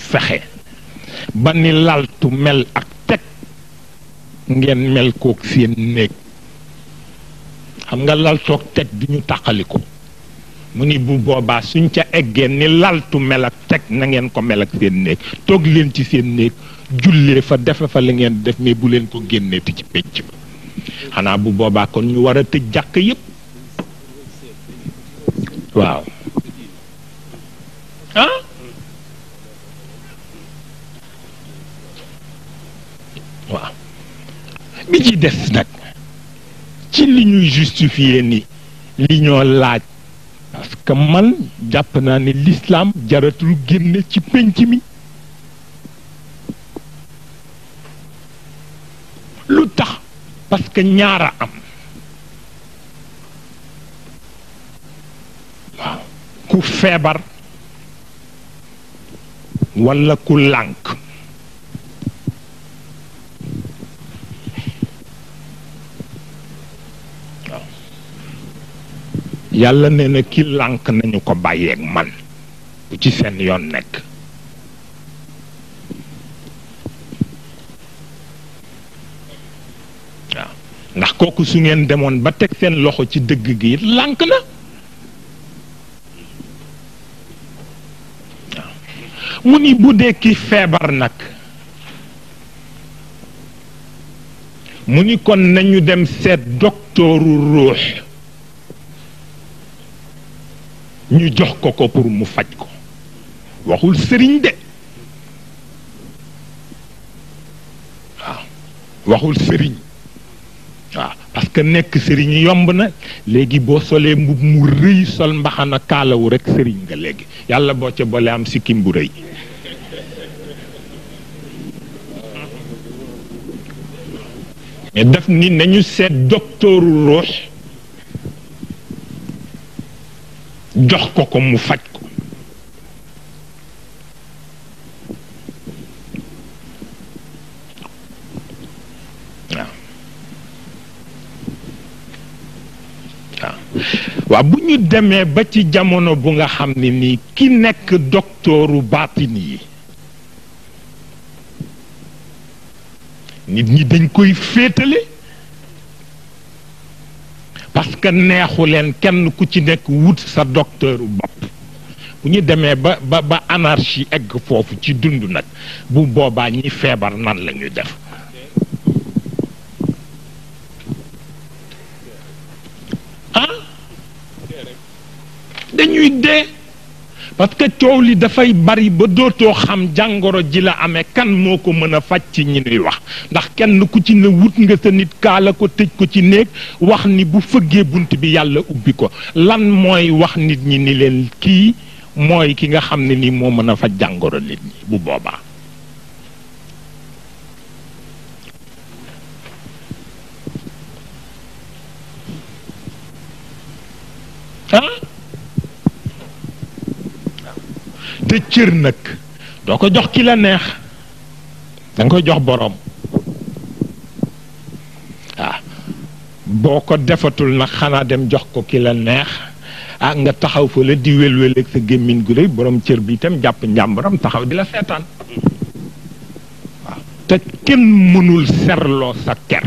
ba ni laltu mel ak teg ngeen mel koog seen néeg xam nga laltook teg du ñu tàqali ko mu ni bu boobaa suñ ca eggee ni laltu mel ak teg na ngeen ko mel ak seen néeg toog leen ci seen néeg jullee fa defe fa la ngeen def mais bu leen ko génneeti ci pénc ba xanaa bu boobaa kon ñu war a tëj jàkk yépp waaw waaw bi ci des nag ci li ñuy justifier ni li ñoo laaj parce man jàpp naa ne lislaam jaratul génne ci pénc mi lu tax parce que ñaara am waaw ku feebar walla ku lànk yàlla nee na ki lànk nañu ko bàyyeek man bu ci seen yoon nekk ndax kooku su ngeen demoon ba teg seen loxo ci dëgg gi lànk na mu ni bu dee ki feebar nag mu ni kon nañu dem seet doktooru ruux ñu jox ko ko pour mu faj ko waxul sëriñ de waaw waxul sëriñ waaw parce que nekk sëriñ yomb na léegi boo solee mbub mu rëy sol mbaxana kaalawu rekk sëriñ nga léegi yàlla boo ca boole am sikkim bu rëy def daf ni nañu seet doktooru ruux jox ko ko mu faj ko waaw bu ñu demee ba ci jamono bu nga xam ne nii ki nekk doktooru baatin yi nit ñi dañ koy féetale parce que neexu leen kenn ku ci nekk wut sa docteuru bopp bu ñu demee ba ba ba anarchie egg foofu ci dund nag bu boobaa ñi feebar nan lañuy ñu def ah dañuy dee parce que coow li dafay bari ba dootoo xam jàngoro ji la ame kan moo ko mën a faj ci ñi nuy wax ndax kenn ku ci ne wut nga sa nit kaala ko tëj ko ci néeg wax ni bu fëggee bunt bi yàlla ubbi ko lan mooy wax nit ñi ni leen kii mooy ki nga xam ne ni moo mën a faj jàngoro nit ñi bu boobaa te cër nag doo ko jox ki la neex da nga koy jox borom ah boo ko defatul nag xanaa dem jox ko ki la neex ah nga taxaw fa la di wél-wél ak sa gémmiñ gu rëy borom cër bi itam jàpp njàmbaram taxaw di la seetaan waaw te kenn mënul serloo sa ker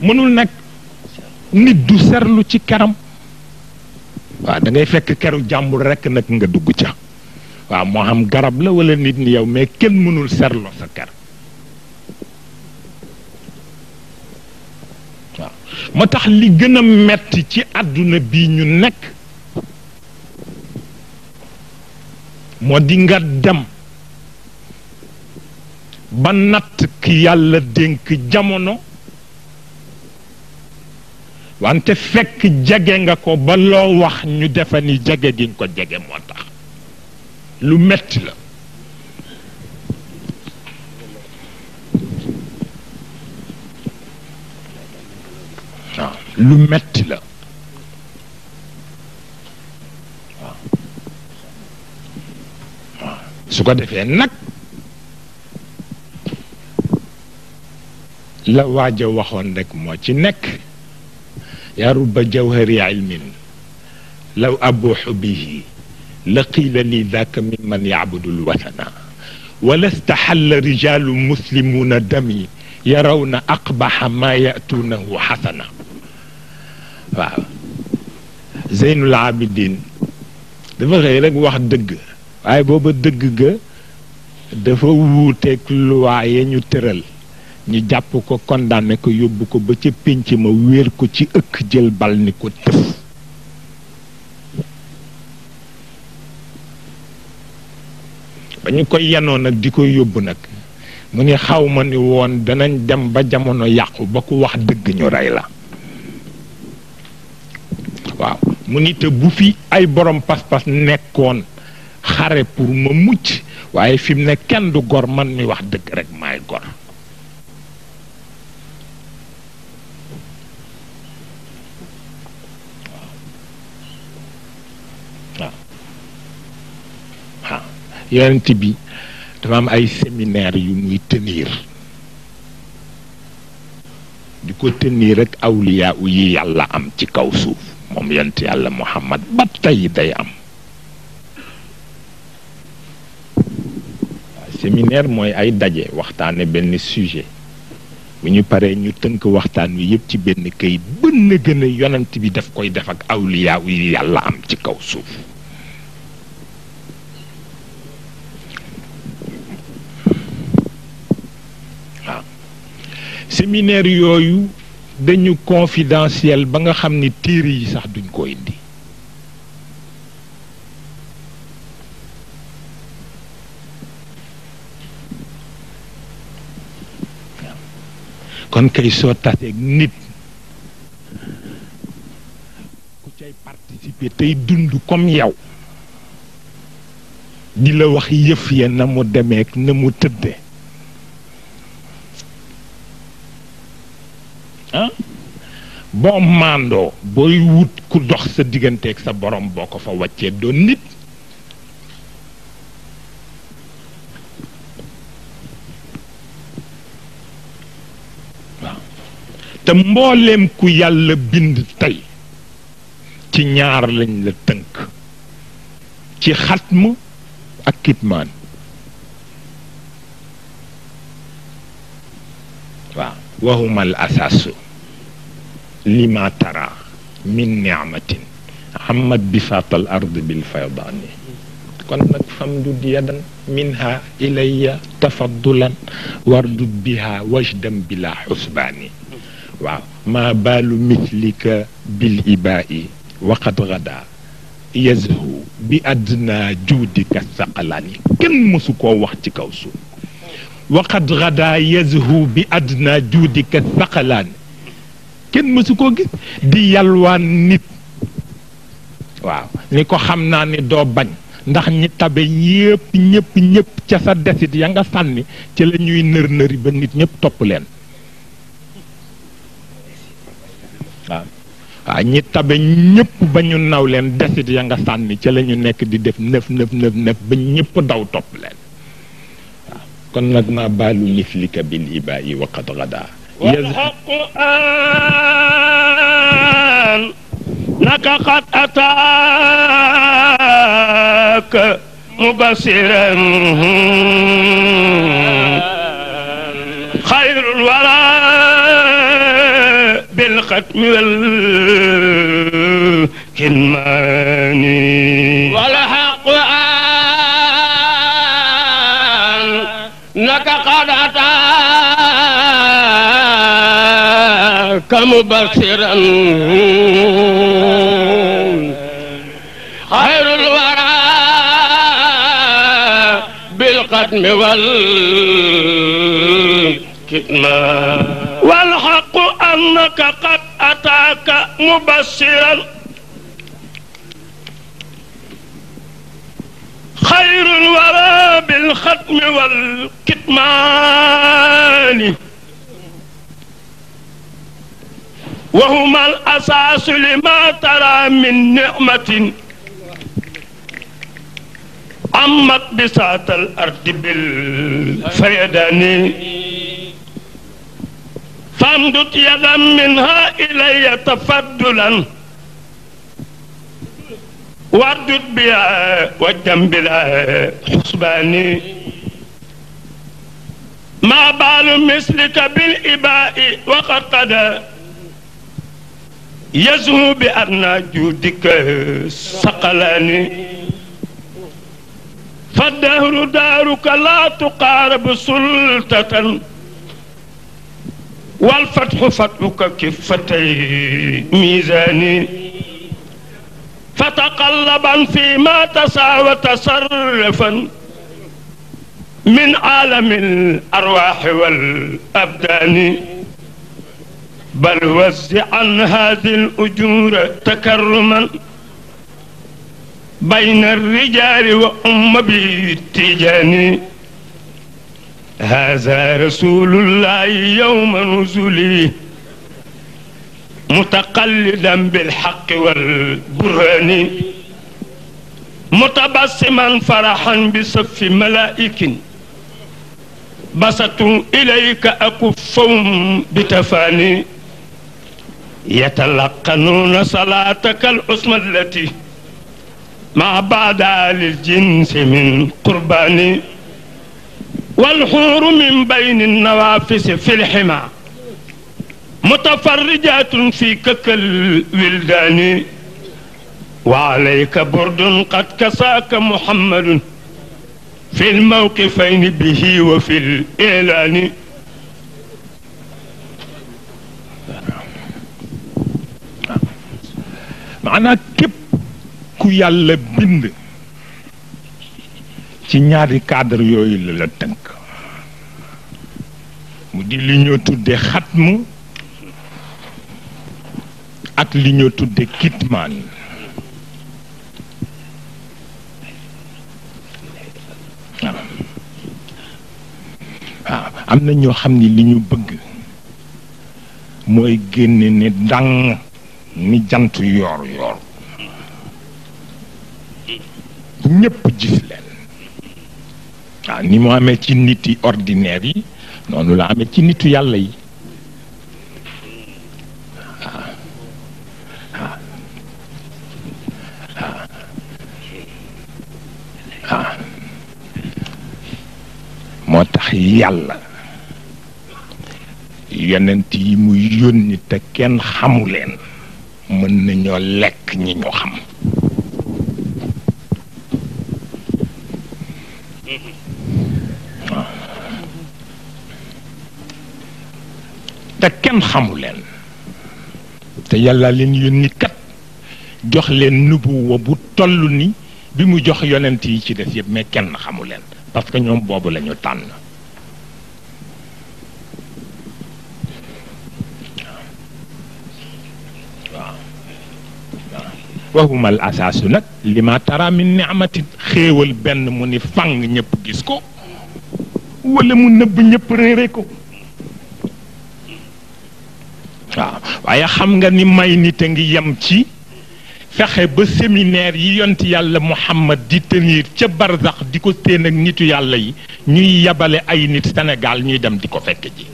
mënul nag nit du serlu ci karam waa dangay fekk keru jàmbur rekk nag nga dugg ca waaw moo xam garab la walla nit ni yow mais kenn mënul serlo sa ker waaw moo tax li gën a metti ci àdduna bi ñu nekk moo di nga dem ba natt ki yàlla dénk jamono wante fekk jege nga ko ba loo wax ñu defa ni jege giñ ko jege moo tax lu metti la lu metti la su ko defee nag la waaja waxoon rek moo ci nekk يا رب جوهر علم لو أبوح به لقيل لي ذاك ممن يعبد الوثن ولا استحل رجال مسلمون دمي يرون أقبح ما يأتونه حسنا زين العابدين دفا غير rek wax dëgg waaye booba dëgg ga dafa wuuteeg luwaa ñu jàpp ko condamné ko yóbbu ko ba ca pénc ma wéer ko ci ëkk jël bal ni ko tëf ba ñu koy yanoo nag di koy yóbbu nag mu ni xaw ma ni woon danañ dem ba jamono yàqu ba ku wax dëgg ñu rey la waaw mu ni te bu fi ay borom pas-pas nekkoon xare pour ma mucc waaye fi mu ne kenn du gor man mi wax dëgg rek maay gor yonent bi dafa am ay séminaire yu muy tëniir di ko tenir rek awliya u yi yàlla am ci kaw suuf moom yonent yàlla Muhammad ba tey day am séminaire mooy ay daje waxtaane benn sujet bu ñu paree ñu tënk waxtaan wi yëpp ci benn kayit bënn gën yonent bi daf koy def ak awliya yi yàlla am ci kaw suuf séminaire yooyu dañu confidentiel ba nga xam ni téere yi sax duñ ko indi kon kay soo taseeg nit ku cay participer tey dund comme yow di la wax yëf ya na mu demeek na mu tëdde ah boo maandoo booy wut ku dox sa digganteeg sa borom boo ko fa wàccee doon nit waaw te mbooleem ku yàlla bind tey ci ñaar lañ la tënk ci xatm ak kitmaan waaw وهما الأساس لما ترى من نعمة عمت بساط الأرض بالفيضان كنت نك يدا منها إلي تفضلا واردد بها وجدا بلا حسبان وما بال مثلك بالإباء وقد غدا يزهو بأدنى جودك الثقلان كم مسكو وقتك وسوء waqad ghada yazhu bi adna judika thaqalan ken musuko koo gis di yalwan nit waaw ni ko xamna ni do bañ ndax ñi tabe ñepp ñepp ñepp ca sa defit ya nga sanni ci la ñuy nër nëri ba nit ñepp top leen a ñi tabe ñepp ba ñu naw leen defit ya nga sanni ci la nekk di def neuf neuf neuf ba ñepp daw top leen كن ما بال مثلك بالاباء وقد غدا يزحق ان لك قد اتاك مبصرا خير الورى بالختم والكنان ولحق ان kamu basiran khairul wara bil qadmi wal kitma wal haqqu annaka qad ataka mubashiran خير الورى بالختم والكتمان وهما الأساس لما ترى من نعمة عمت بساط الأرض بالفيدان فامدت يدا منها إلي تفضلا وردت بها وجم بلا حسباني ما بال مثلك بالإباء وقد قد يزهو بأن جودك سقلاني فالدهر دارك لا تقارب سلطة والفتح فتحك كفتي ميزاني فتقلبا فيما تسعى وتصرفا من عالم الأرواح والأبدان بل وزعا هذه الأجور تكرما بين الرجال وأم بالتجان هذا رسول الله يوم نزله متقلدا بالحق والبرهان متبسما فرحا بصف ملائك بسطوا إليك أكفهم بتفاني يتلقنون صلاتك العصمة التي ما بعد للجنس من قربان والحور من بين النوافس في الحمى متفرجات في ككل الولدان وعليك برد قد كساك محمد في الموقفين به وفي الإعلان معنا كيب كو يالا بند ci ñaari cadre yooyu la la tënk mu ak li ñu tudde kitmaan waaw ah, am na ñoo xam ne li ñu bëgg mooy génne ni dàng ni jant yoor yoor ñépp gis leen waaw ah, ni mu amee ci nit yi ordinaire yi noonu la amee ci nitu yàlla yi moo tax yàlla yonent yi muy yónni te kenn xamu leen mën nañoo lekk ñi ñu xam waaw te kenn xamu leen te yàlla leen yónni kat jox leen nubuwa bu toll ni bi mu jox yonent yi ci def yëpp mais kenn xamu leen parce que ñoom boobu lañu tànn waaw waaw waxumal xéewal benn gis ko wala mu nëbb waaw waaye xam nga ni may nit a ngi yam ci fexe ba séminaire yi yonti yàlla Muhammad di tenir ci barzakh diko ten ak nitu yàlla yi ñuy yabale ay nit Sénégal ñuy dem diko fekk ji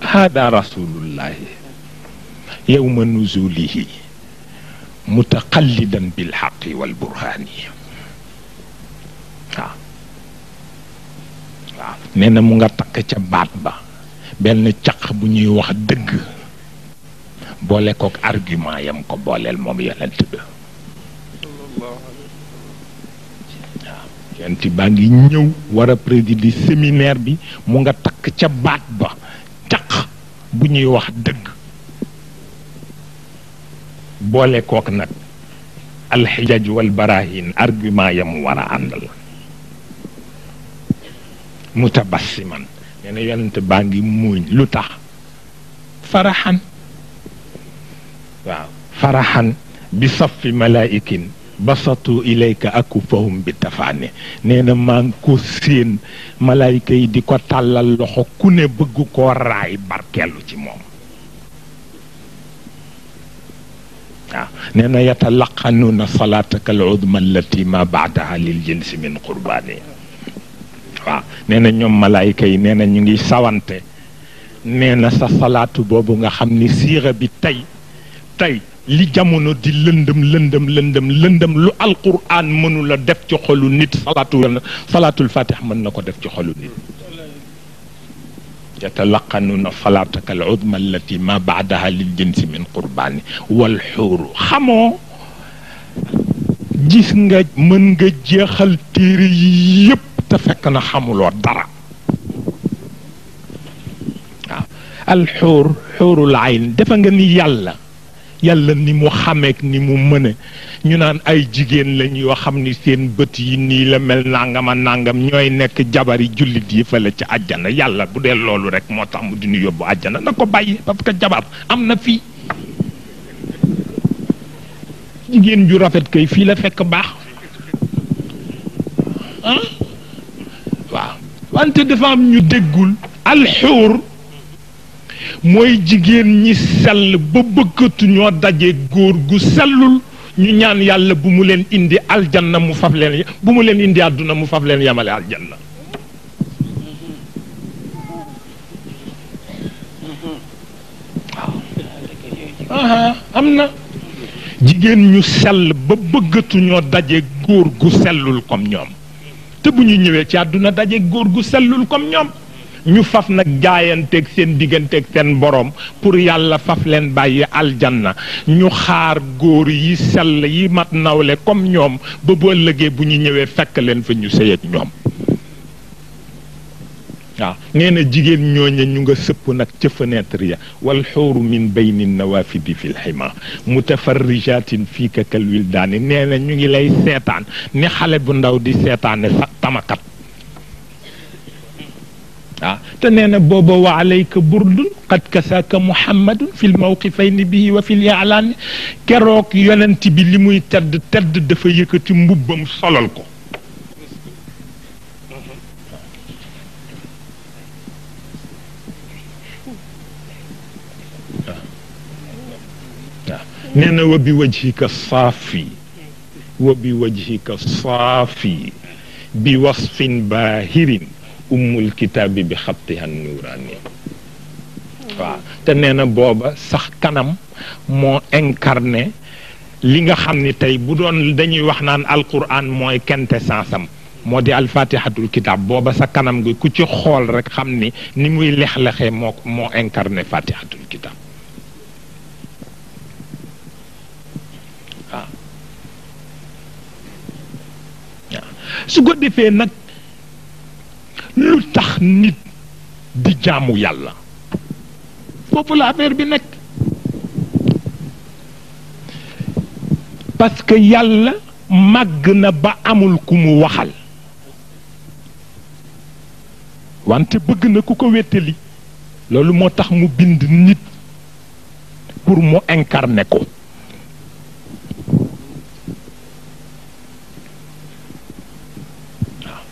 hada rasulullahi yowma nuzulihi mutaqallidan bilxaqi walburhaani waaw waaw nee na mu nga takk ca baat ba benn caq bu ñuy wax dëgg boole kook argument yam ko booleel moom yonent bi waaw yonent baa ngi ñëw war a présider séminaire bi mu nga takk ca baat ba caq bu ñuy wax dëgg boole kook nag alxijaaj wal barahin argument yam war a àndal mutabassiman nee na yonent baa ngi muuñ lu tax faraxan waaw faraxan bi safi malaa'ikin basatu ilayka akufahum bi tafaane nee na maa ngi ko séen malaayika yi di ko tàllal loxo ku ne bëgg koo raay barkeelu ci moom waaw nee na yatalaqanuuna salaataka al udma allati ma baadaha lil jinsi min qurbaani waaw nee na ñoom malaayika yi nee na ñu ngi sawante nee na sa salaatu boobu nga xam ni siira bi tey tey li jamono di lëndëm lëndëm lëndëm lëndëm lu alquran mënula def ci xolu nit salaatu salaatul fatih mën na ko def ci xolu nit يتلقنون صلاتك العظمى التي ما بعدها للجنس من قربان والحور خمو جيس nga mën nga jéxal téré yépp te fekk na xamuloo dara waaw alxuur xuurul ayn defe nga ni yàlla yàlla ni mu xameek ni mu mëne ñu naan ay jigéen lañ yoo xam ni seen bët yi nii la mel nangama nangam ñooy nekk jabari jullit yi fële ci àjjana yàlla bu dee loolu rek moo tax mu di yóbbu àjjana na ko bàyyi parce que jabar am na fii jigéen ju rafet kay fii la fekk baax wante dafa am ñu déggul alxuur mooy jigéen ñi sell ba bëggatu ñoo daje góor gu sellul ñu ñaan yàlla bu mu leen indi aljanna mu faf leen bu mu leen indi àdduna mu faf leen yamale aljanna am na jigéen ñu sell ba bëggatu ñoo daje góor gu sellul comme ñoom te bu ñu ñëwee ci àdduna daje góor gu sellul comme ñoom ñu faf nag jaayanteeg seen digganteeg seen borom pour yàlla faf leen bàyyi aljanna ñu xaar góor yi sell yi mat nawle comme ñoom ba bu ëllëgee bu ñu ñëwee fekk leen fa ñu sëy ak ñoom نين جيجين نيو نيو نيو سبو نك تفنيتريا والحور من بين النوافد في الحما متفرجات فيك كالولدان نين نيو نيو لأي سيطان نحل بنداو دي سيطان تمكت تنين بوبا وعليك برد قد كساك محمد في الموقفين به وفي الإعلان كروك يننتي بلمو تد تد دفا يكتي مبام صلالكو nee na wa bi wajhika saafi wa bi wajhika saafi bi wasfin baahirin ummul kitaabi bi xattiha nuuraani waaw te nee na booba sax kanam moo incarné li nga xam ni tey bu doon dañuy wax naan alquran mooy quintessence am moo di alfatihatul kitaab booba sa kanam gi ku ci xool rek xam ni ni muy lex-lexee moo moo incarné fatihatul kitaab su ko defee nag lu tax nit di jaamu yàlla foofu la affaire bi nekk parce que yàlla màgg na ba amul ku mu waxal wante bëgg na ku ko wettali loolu moo tax mu bind nit pour mu incarner ko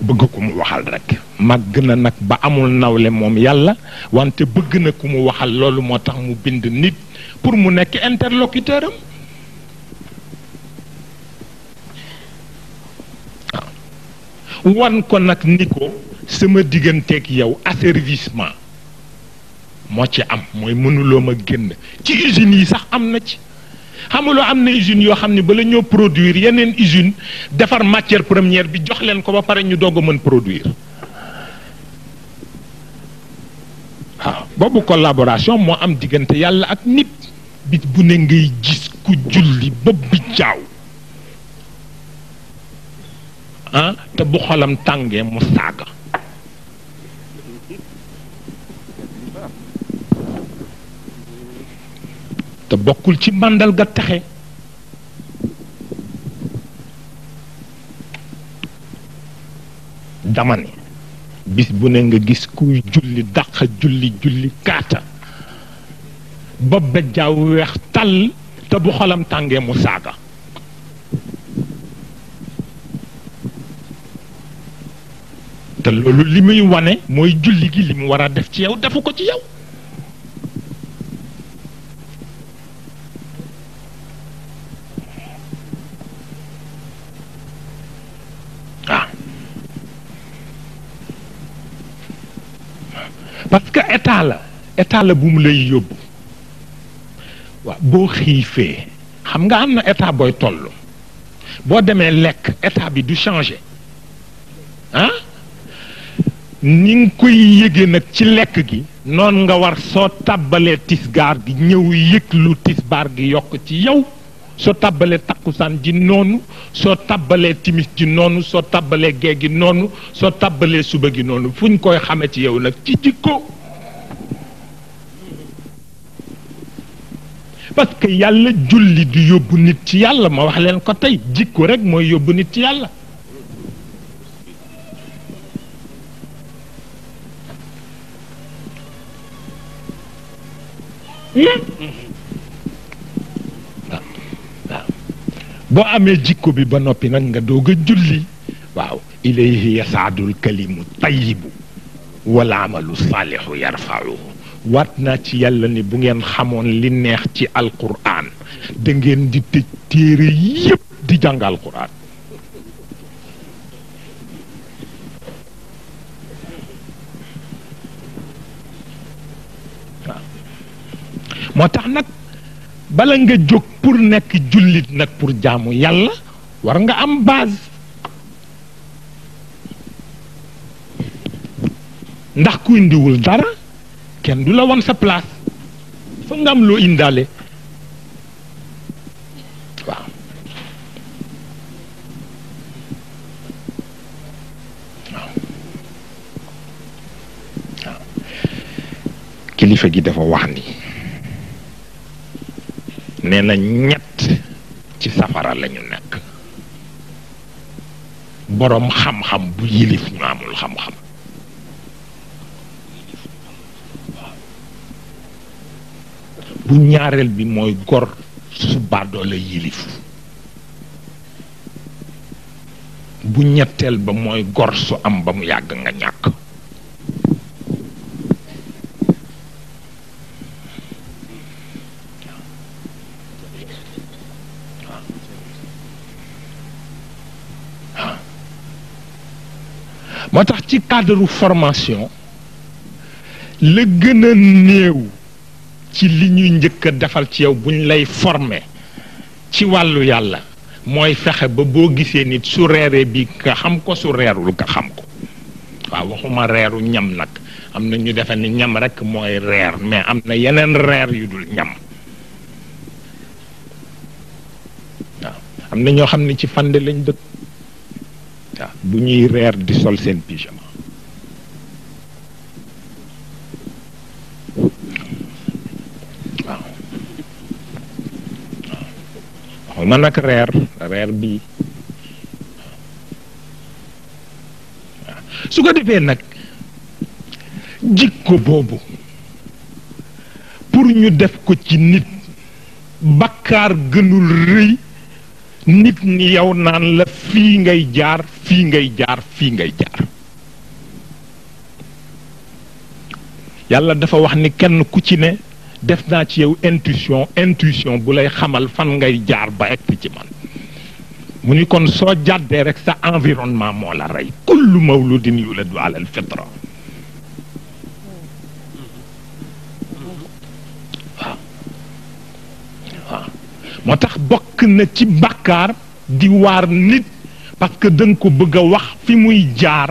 bëgg ko mu waxal rek màgg na nag ba amul nawle moom yàlla wante bëgg na ku mu waxal loolu moo tax mu bind nit pour mu nekk interlocuteur am wan ko nag ni ko sama digganteeg yow asservissement moo ci am mooy mënuloo ma génn ci usines yi sax am na ci xamuloo am na usines yoo xam ne bala ñoo produire yeneen usine defar matière première bi jox leen ko ba pare ñu doog a mën produire waaw boobu collaboration moo am diggante yàlla ak nit bit bu ne ngay gis ku julli bopp bi jaaw ah te bu xolam tàngee mu saaga te bokkul ci màndal ga taxe dama ne bis bu ne nga gis kuy julli dàq julli julli kaata ba bejjaaw weex tàll te bu xolam tàngee mu saaga te loolu li muy wane mooy julli gi li mu war a def ci yow defu ko ci yow parce que état la état la bu mu lay yóbbu waaw boo xiifee xam nga am na état booy toll boo demee lekk état bi du changer ah ni nga koy yëgee nag ci lekk gi noon nga war soo tàbbalee tisgaar gi ñëw yëg lu tisbaar gi yokk ci yow so tabale takusan ji nonu so tabale timis ji nonu so tabale jinonu, sota nonu so tabale suba gi nonu fuñ koy xamé ci yow nak ci jikko parce que yalla julli du yobbu nit ci yalla ma wax len ko tay jikko rek moy yobbu nit ci yalla Yeah. Hmm? bo amé jikko bi ba nopi nak nga doga julli waw ilayhi yasadul kalimu tayyib wal amalu salihu yarfa'u watna ci yalla ni bu ngeen xamone li neex ci alquran de ngeen di tëj téere yépp di jàng alquran motax nak bala nga jóg pour nekk jullit nag pour jaamu yàlla war nga am baas ndax ku indiwul dara kenn du la won sa place foog nga am loo indaale kilifa gi dafa wax ni nee na ñett ci safara lañu nekk boroom xam-xam bu yilif ñu amul xam-xam bu ñaareel bi mooy gor su baadoo la yilif bu ñetteel ba mooy gor su am ba mu yàgg nga ñàkk moo tax ci cadre formation la gën a néew ci li ñuy njëkk a defal ci yow buñ lay forme ci wàllu yàlla mooy fexe ba boo gisee nit su reeree bi nga xam ko su reerul nga xam ko waaw waxuma reeru ñam nag am na ñu defe ni ñam rekk mooy reer mais am na yeneen reer yu dul ñam waaw am na ñoo xam ne ci fande lañ dëkk bu ñuy reer di sol seen pyjama mën waaw reer reer bii su ko defee nag jig ko boobu pour ñu def ko ci nit bakkaar gënul rëy nit ñi yow naan la fii ngay jaar fii ngay jaar fii ngay jaar yàlla dafa wax ni kenn ku ci ne def naa ci yow intuition intuition bu lay xamal fan ngay jaar ba egg ci man mu ni kon soo jàddee rek sa environnement moo la rey kullu mawludin yuladu alal fitra moo tax bokk bokk ci bàkkaar di waar parce que danga ko bëgg a wax fi muy jaar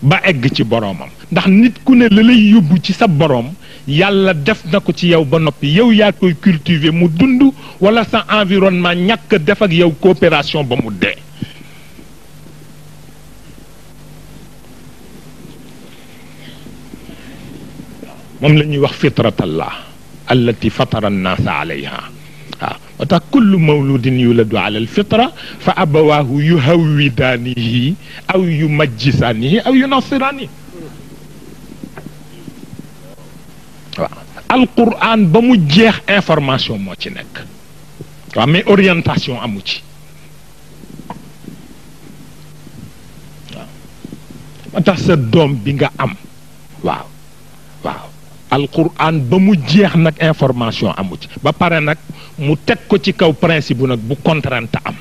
ba egg ci boroomam ndax nit ku ne la yóbbu ci sa boroom yàlla def na ko ci yow ba noppi yow yaa koy mu dund walla sa environnement ñàkk def ak yow coopération ba mu dee moom la ñuy wax fitratallah allati fatara annaasa alayha وتاك كل مولود يولد على الفطرة فأبواه يهودانه أو يمجسانه أو ينصرانه القرآن بمجيخ جيخ مو موتي nek wa mais orientation amu ci tax sa doom alquran ba mu jeex nag information amu ci ba pare nag mu teg ko ci kaw principe bu nag bu contrainte am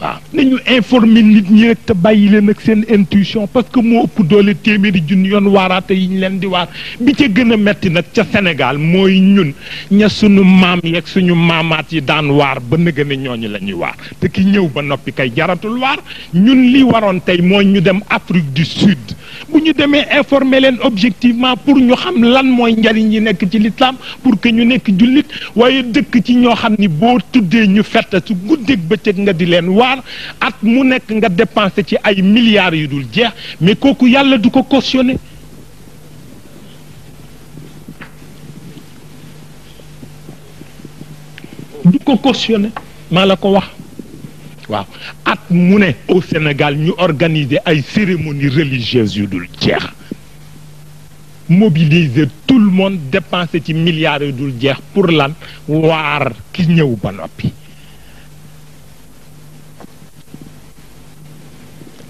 waaw nañu informer nit ñi rek te bàyyi leen ak seen intuition parce que moo ëpp doole téeméeri junni yoon waaraate yi ñu leen di waar bi ca gën a metti nag ca senegal mooy ñun ña suñu maam yeeg suñu maamaat yi daan waar ba nëgë ne ñooñu la ñuy waar te ki ñëw ba noppi kay jaratul waar ñun li waroon tey mooy ñu dem Afrique du Sud bu ñu demee informer leen objectivement pour ñu xam lan mooy njariñ yi nekk ci lislaam pour que ñu nekk jullit waaye dëkk ci ñoo xam ni boo tuddee ñu fett su guddeeg bëccëg nga di leen at mu nek nga dépensé ci ay milliards yu dul jeex mais kooku yalla du ko cautionné du ko cautionné maa la ko wax waaw at mu ne au Sénégal ñu organiser ay cérémonie religieuse yu dul jeex mobiliser tout le monde dépenser ci milliards yu dul jeex pour lan war ki ñëw ba noppi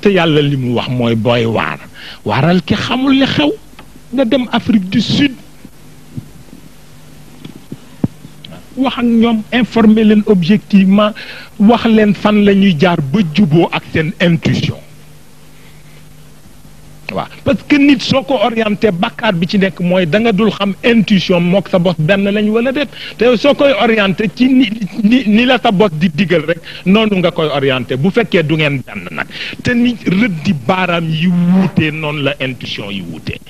te yàlla li mu wax mooy booy waar waaral ki xamul li xew nga dem Afrique du Sud wax ñoom informer leen objectivement wax leen fan la ñuy jaar ba juboo ak seen intuition waaw parce que nit soo ko orienté bakkaat bi ci nekk mooy da dul xam intuition mook sa bos benn lañ wala déet te soo koy orienté ci ni la sa bos di digal rek noonu nga koy orienté bu fekkee du ngeen benn nag te ni rëddi baaraam yi wuutee noonu la intuition yi wuutee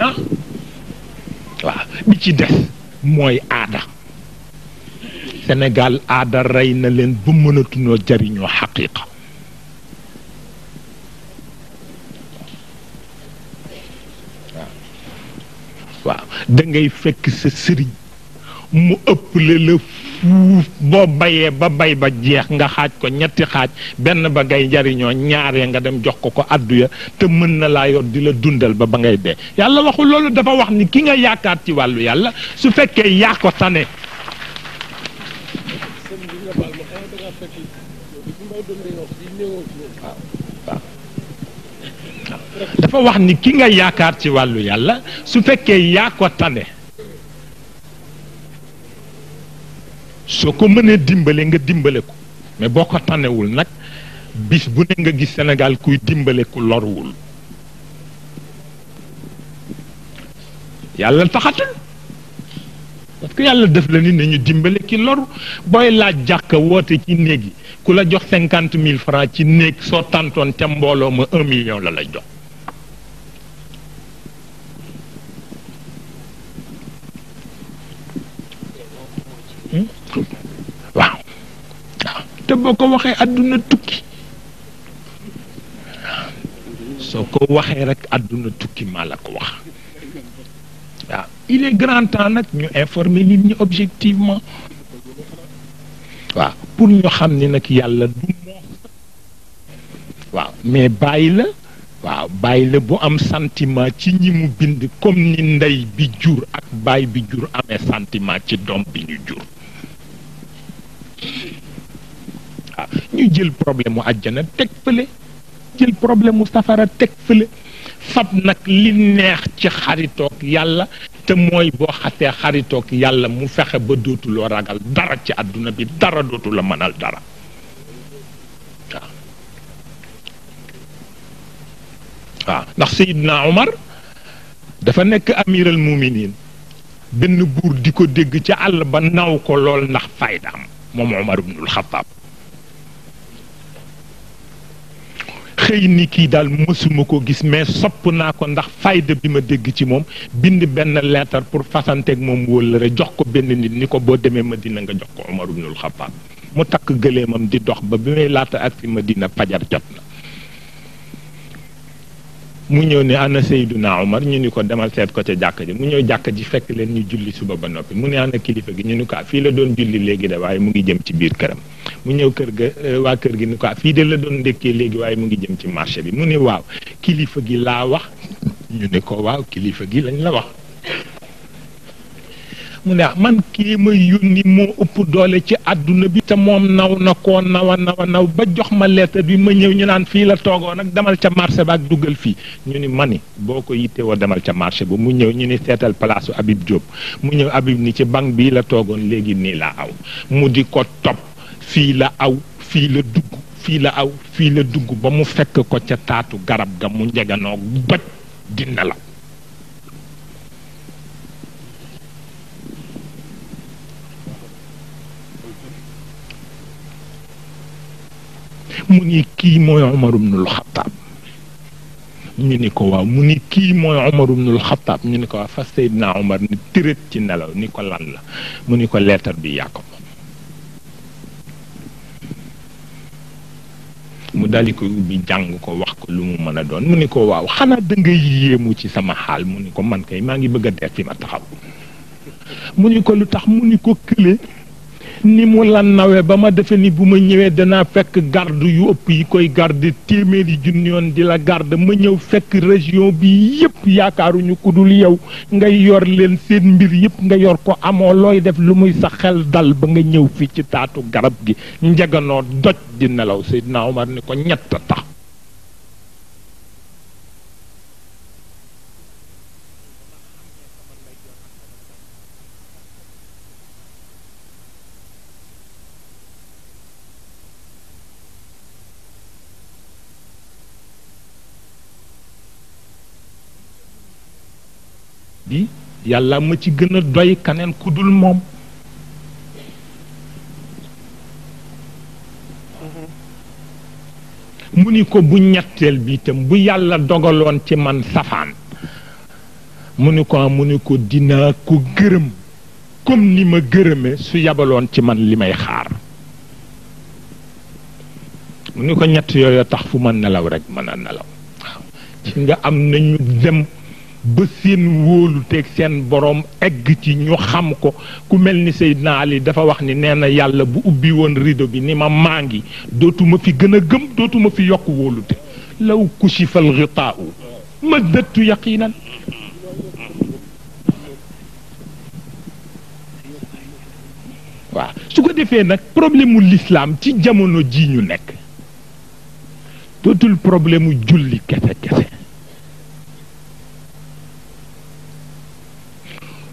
ah waaw bi ci des mooy aada Sénégal aada rey na leen bu mënatuñoo jariñoo xaqiiqa waaw da ngay fekk sa sëriñ mu ëpple la fuuf boo bayee ba bay ba jeex nga xaaj ko ñetti xaaj benn ba ngay jariñoo ñaaree nga dem jox ko ko àdduya te mën na laa yor di la dundal ba ba ngay dee yàlla waxul loolu dafa wax ni ki nga yaakaar ci wàllu yàlla su fekkee yaa ko tane Ah, dafa wax ni ki nga yaakaar ci wàllu yàlla su fekkee yaa ko tane soo ko mënee dimbale nga dimbale ko mais boo ko tanewul nag bis bu ne nga gis Sénégal kuy dimbale ku lorwul yàlla taxatul parce que yàlla def la ni nañu dimbale ki lor booy laaj jàkka woote ci néeg yi ku la jox cinquante mille francs ci néeg soo tàntoon ca mbooloo ma un million la lay jox hmm? waaw te boo ko waxee àdduna tukki soo ko waxee rek àdduna tukki maa la ko wax il est grand temps nak ñu informer nit ñi objectivement waaw pour ñu xam ni nag yàlla du waaw mais bàyyi la waaw bàyyi la bu am sentiment ci ñi mu bind comme ni ndey bi jur ak baay bi jur amé sentiment ci dom bi ñu jur waaw ñu jël problème mu àjjana teg fële jël problème mu safara tek fële fab n'ak li neex ci xaritok yalla te mooy boo xasee xaritoog yàlla mu fexe ba dootuloo ragal dara ci àdduna bi dara dootu la mënal dara waaw waaw ndax Seydina Omar dafa nekk amiral muminin benn buur di ko dégg ci àll ba naw ko lool ndax faydaam moom Omar ibnul Xattaab xëy ni kii daal mësuma ko gis mais sopp naa ko ndax fayda bi ma dégg ci moom bind benn leetar pour fasanteeg moom wóllëre jox ko benn nit ni ko boo demee ma dina nga jox ko Omar ibnul Xattaab mu takk gëléemam di dox ba bi may laata ak si Madina fajar jot na mu ñëw ne ana Seyduna Omar ñu ni ko demal seet ko ca jàkk ji mu ñëw jàkk ji fekk leen ñu julli suba ba noppi mu ne ana kilifa gi ñu ni ko ah fii la doon julli léegi de waaye mu ngi jëm ci biir këram mu ñëw kër ga euh, waa kër gi ni ko ah, fii de la doon ndékkee léegi waaye mu ngi jëm ci marché bi mu ne waaw kilifa gi laa wax ñu ne ko waaw kilifa gi lañ la wax mu ne ah, man kii ma ni moo ëpp doole ci àdduna bi te moom naw na koo nawa nawa naw ba jox ma lettre bi ma ñëw ñu naan fii la toogoon ak demal ca marché ba ak duggal fii ñu ni mani boo ko yittewoo demal ca marché ba mu ñëw ñu ni seetal palaasu Habib Diop mu ñëw Habib ni ci banque bii la toogoon léegi nii laa aw mu di ko topp fii la aw fii la dugg fii la aw fii la dugg ba mu fekk ko ca taatu garab ga mu njeganoo bët di nelaw mu ni kii mooy Omar ibnul Xataab ñu ni ko waaw mu ni kii mooy Omar ibnul Xataab ñu ni ko waaw fa Seydina Omar ni tërët ci nelaw ni ko lan la mu ni ko leetar bi yaa mu daal di koy ubbi jàng ko wax ko lu mu mën a doon mu ni ko waaw xanaa da yéemu ci sama xaal mu ni ko man kay maa ngi bëgg a dee fi ma taxaw mu ni ko lu tax mu ni ko kële ni mu la nawe ba ma defe ni bu ma ñëwee danaa fekk garde yu ëpp yi koy garde téeméeri junni yoon di la garde ma ñëw fekk région bi yëpp yaakaaruñu ku dul yow nga yor leen seen mbir yëpp nga yor ko amoo looy def lu muy sa xel dal ba nga ñëw fii ci taatu garab gi njeganoo doj di nelaw Seydina Omar ni ko ñett tax yàlla ma ci gëna doy kaneen ku dul moom mm-hmm. mu ni ko bu ñetteel bi itam bu yàlla dogaloon ci man safaan mu ni ko ah, mu ni ko dinaa ko gërëm comme ni ma gërëme su yabaloon ci man li may xaar mu ni ko ñett yooyu tax fu ma nelaw rek mën a nelaw nga am nañu dem ba seen wóolu teeg seen boroom egg ci ñu xam ko ku mel ni Seydina Ali dafa wax ni nee na yàlla bu ubbi woon rido bi ni ma maa ngi dootuma fi gën a gëm dootuma fi yokk wóolute law kushifal gitaa ma dëttu yaqinan waaw su ko defee nag problème mu lislaam ci jamono ji ñu nekk dootul problème mu julli kese kese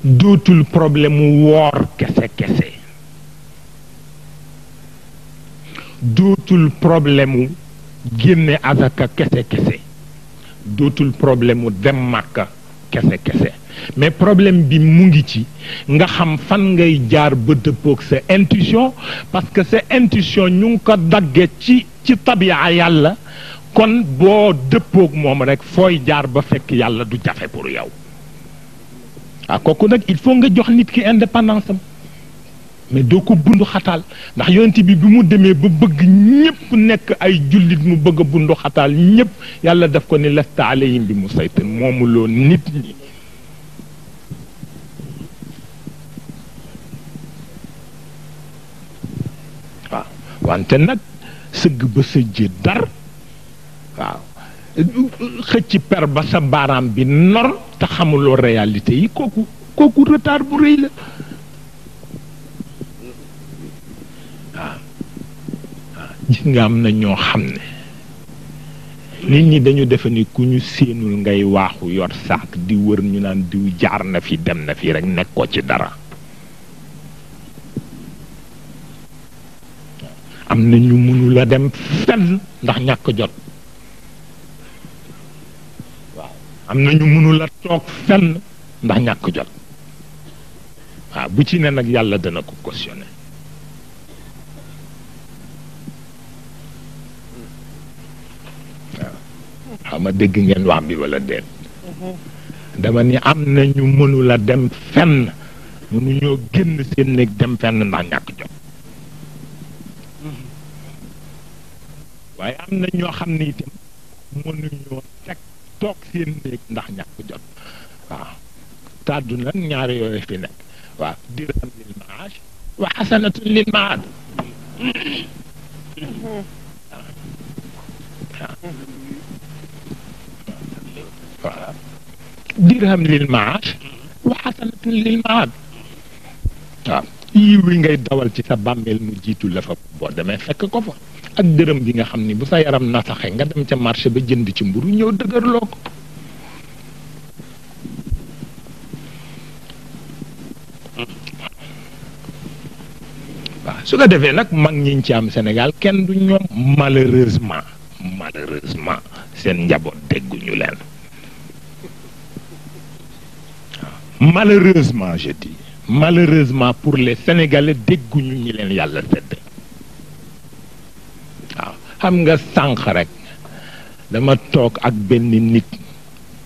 dootul problème mu woor kese dootul problème mu génne azaka kese kese dootul problème mu dem màkka kese kese mais problème bi mu ngi ci nga xam fan ngay jaar ba dëppoog sa intuition parce que sa intuition ñu ngi ko dagge ci ci tabia yàlla kon boo dëppook moom rekk fooy jaar ba fekk yàlla du jafe pour yow ah kooku nag il faut nga jox nit ki indépendance am mais doo ko bundu ndax yonent bi bi mu demee ba bëgg ñëpp nekk ay jullit mu bëgg a bundu xataal ñëpp yàlla daf ko ni lasta alayhim bi mu saytan moomu nit ñi waaw wante nag sëgg ba sëjjee dar waaw xëcc per ba sa baaraam bi nor te xamuloo réyalité yi kooku kooku retard bu rëy la waaw ah. ah. gis nga am na ñoo xam ne nit ñi dañu defe ni ku ñu séenul ngay waaxu yor saak di wër ñu naan diw jaar na fi dem na fi rek nekkoo ci dara ah. am na ñu mënula dem fenn ndax ñàkk jot am na ñu mënul a toog fenn ndax ñàkk jot waaw bu ci ne nag yàlla dana ko cautionné waaw xam nga dégg ngeen wax bi wala déet dama ni am na ñu mënul a dem fenn mënuñoo génn seen néeg dem fenn ndax ñàkk jot waaye am na ñoo xam ne itam mënuñoo toog seen néeg ndax ñàkk jot waaw te àdduna ñaari yooyu fi nekk waaw dirham lil maaj wa xasanatun lil maad waaw dirham lil maaj wa xasanatun lil maad waaw yii wi ngay dawal ci sa bàmmeel mu jiitu la fa boo demee fekk ko ak gërëm bi nga xam ni bu sa yaram nasaxe nga dem ca marché ba jënd ci mburu ñëw dëgërloo ko waaw su ko defee nag mag ñiñ ci am Sénégal kenn du ñoom malheureusement malheureusement seen njaboot dégguñu leen malheureusement je dis malheureusement pour les Sénégalais dégguñu ñi leen yàlla sedd xam nga sànq rek dama toog ak benn nit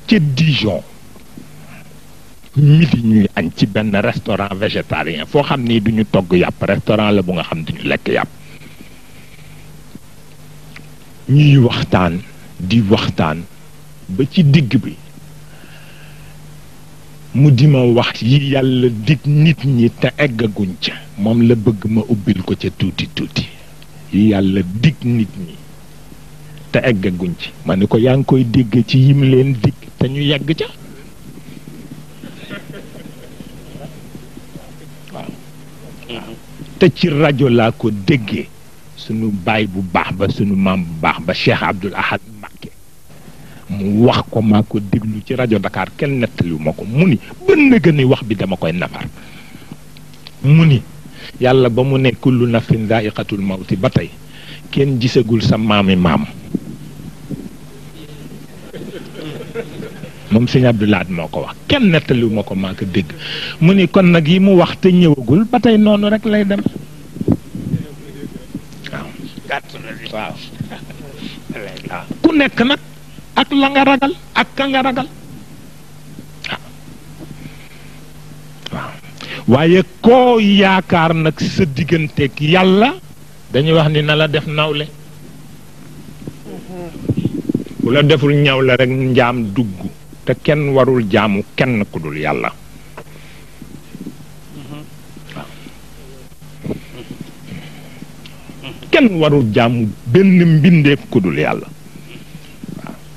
ca Dijon midi ñuy añ ci benn restaurant végétarien foo xam ni duñu togg yàpp restaurant la bu nga xam duñu lekk yàpp ñuy waxtaan di waxtaan ba ci digg bi mu di ma wax yi yàlla dig nit ñi te eggaguñ ca moom la bëgg ma ubbil ko ca tuuti tuuti yàlla dig nit ñi te eggaguñ ci ma ni ko yaa ngi koy dégg ci yim leen dig te ñu yegg ca te ci rajo laa ko déggee sunu baay bu baax ba sunu maam bu baax ba Cheikh Abdoul Ahad Mbacké mu wax ko maa ko déglu ci rajo Dakar kenn nettaliwu ko mu ni ba nëgë ni wax bi dama koy nafar mu ni yalla ba mu ne kullu nafsin dha'iqatul maut batay ken gisagul sa maami mam mom seigne Abdoulaat moo wax ken netalu moko ko deg muni kon nak yi mu wax te ñewagul batay nonu rek lay dem ku nek nak ak la nga ragal ak ka nga ragal waaye koo yaakaar nag sa digganteeg yàlla dañuy wax ni na la def nawle bu la deful ñawle la rek njaam dugg te kenn warul jaamu kenn ku yàlla kenn warul jaamu benn mbindeef ku dul yàlla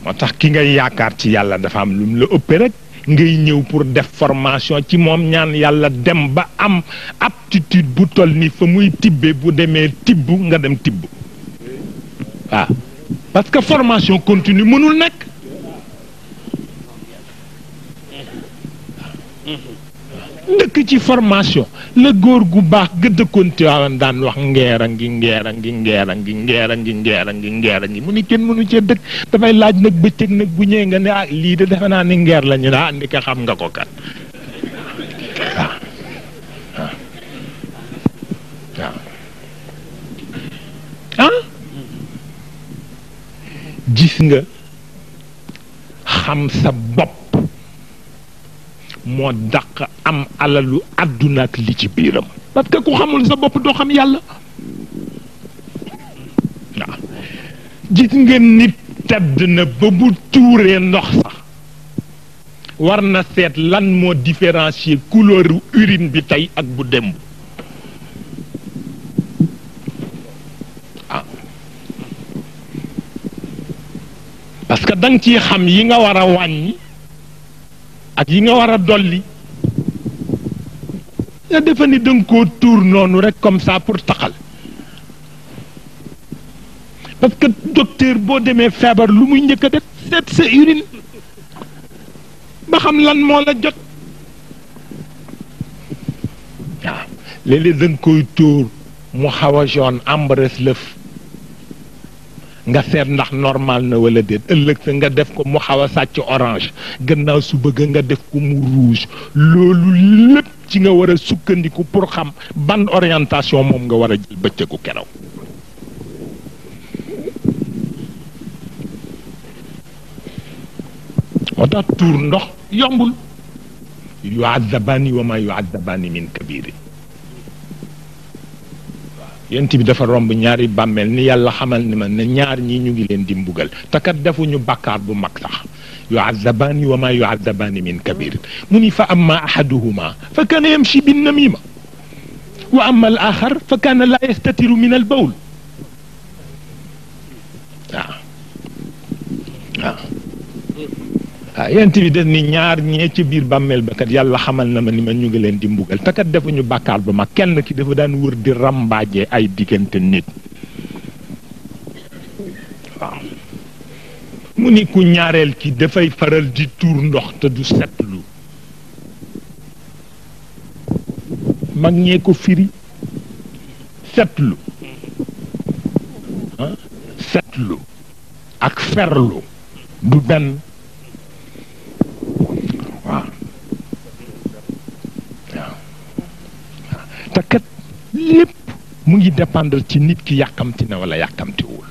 moo tax ki ngay yaakaar ci yàlla dafa am lu mu la ëppee rek ngay ñëw pour def formation ci moom ñaan yàlla dem ba am aptitude bu toll nii fa muy tibbe bu demee tibb nga dem tibb waaw parce que formation continue mënul nekk. ndëkk ci formation le góor gu baax ga dëkkoon tiwaawan daan wax ngeer a ngi ngeer a ngi ngeer a ngi ngeer a ngi ngeer a ngi ngeer a ngi mu ni kenn mënu cee dëkk dafay laaj nag bëccëg nag bu ñëwee nga ne ah lii de defe naa ni ngeer la ñu ne ah ndika xam nga ko kat waaw ah gis nga xam sa bopp moo dàq am alalu àdduna ak li ci biiram parce que ku xamoon sa bopp doo xam yàlla waaw gis nga nit tedd na ba bu tuuree ndox sax war na seet lan moo différencier couleuru urine bi tey ak bu démb ah parce que danga xam yi nga war a wàññi ak yi nga war a dolli nga defe ni danga koo tuur noonu rek comme ça pour taxal parce docteur boo demee feebar lu muy njëkk a def set sa urine ba xam lan moo la jot waaw léeg danga koy tuur mu xaw a jaune ambre lëf nga seet ndax normal na wala déet ëllëg sa nga def ko mu xaw a sàcc orange gannaaw su bëgg nga def ko mu rouge loolu lépp ci nga war a sukkandiku pour xam ban orientation moom nga war a jël bëccëgu keroog. moo tax tuur ndox yombul. yu àddabaani wa ma yu àddabaani min kabiiri yent bi dafa romb ñaari bàmmeel ni yàlla xamal ni ma ne ñaar ñi ñu ngi leen di mbugal te kat defuñu bàkkaar bu mag sax yuazabaani wa ma yuazabaani min kabir mu ni fa amma ahaduhuma fa kana yamshi bin namima wa amma al axar fa kana la yastatiru min al bawl waaw yent bi def ni ñaar ñee ci biir bàmmeel ba kat yàlla xamal na ma ni ma ñu ngi leen di mbugal te kat defuñu bàkkaar ba ma kenn ki dafa daan wër di rambaaje ay diggante nit mu ni ku ñaareel ki dafay faral di tuur ndox te du setlu mag ñee ko firi setlu ah? ak ferlu du benn takat lip mu ngi dépendre ci nit ki yàkkamti na wala wul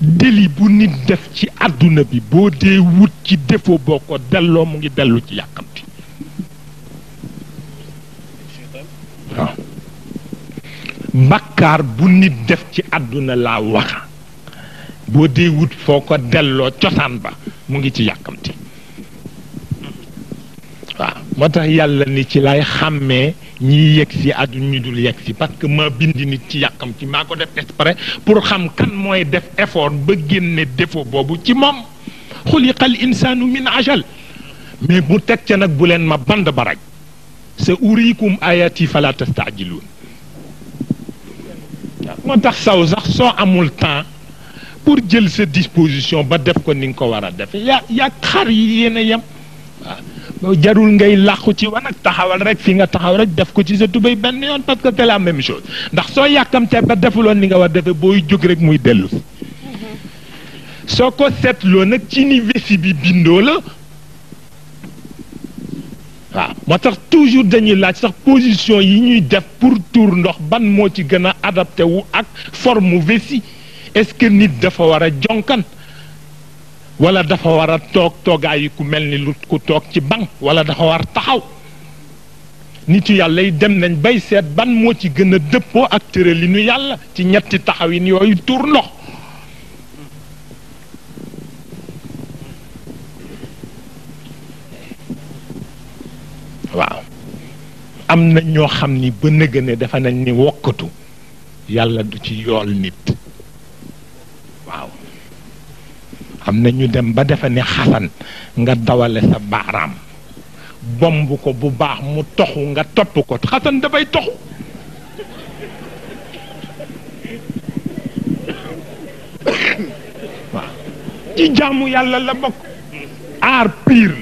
deli bu nit def ci àdduna bi boo dee wut ci défaut boo ko delloo mu ngi dellu ci yàkkamti bakkaar bu nit def ci àdduna laa waxa boo dee wut foo ko delloo cosaan ba mu ngi ci yàkkamti waaw moo tax yàlla ni ci lay xàmmee ñiy yegg si àdduna ñu dul yegg si parce que ma bind nit ci yàqam ci maa ko def exprès pour xam kan mooy def effort ba génne défaut boobu ci moom xuliqal insaanu min ajal mais mu teg ca nag bu leen ma band baraj sa uriikum ayati fala tastaajiluun moo tax saw sax soo amul temps pour jël sa disposition ba def ko ni nga ko war a defe yaa yaa xar yi yéen a yem waaw jarul ngay làqu ci ak taxawal rek fi nga taxaw rek def ko ci sa tubéy benn yoon parce que c'est la même chose ndax soo yàkkamtee ba defuloon li nga war defe booy jóg rek muy dellu soo ko seetloo nag ci ni vessie bi bindoo la waaw moo tax toujours dañuy laaj sax position yi ñuy def pour tour ndox ban moo ci gën a adapté wu ak forme vessie est-ce que nit dafa war a jonkan wala dafa war a toog toogaayi ku mel ni lu ku toog ci ban wala dafa war taxaw nit yàlla yi dem nañ bay seet ban moo ci gën a dëppoo ak tëralinu yàlla ci ñetti taxawin yooyu tuur ndox waaw am na ñoo xam ni ba nëgëne dafa nañ ni wokkatu yàlla du ci yool nit amna ñu dem ba defa ne xasan nga dawale sa baram bomb ko bu baax mu toxu nga top ko xasan bay toxu ci jaamu yàlla la bok ar pire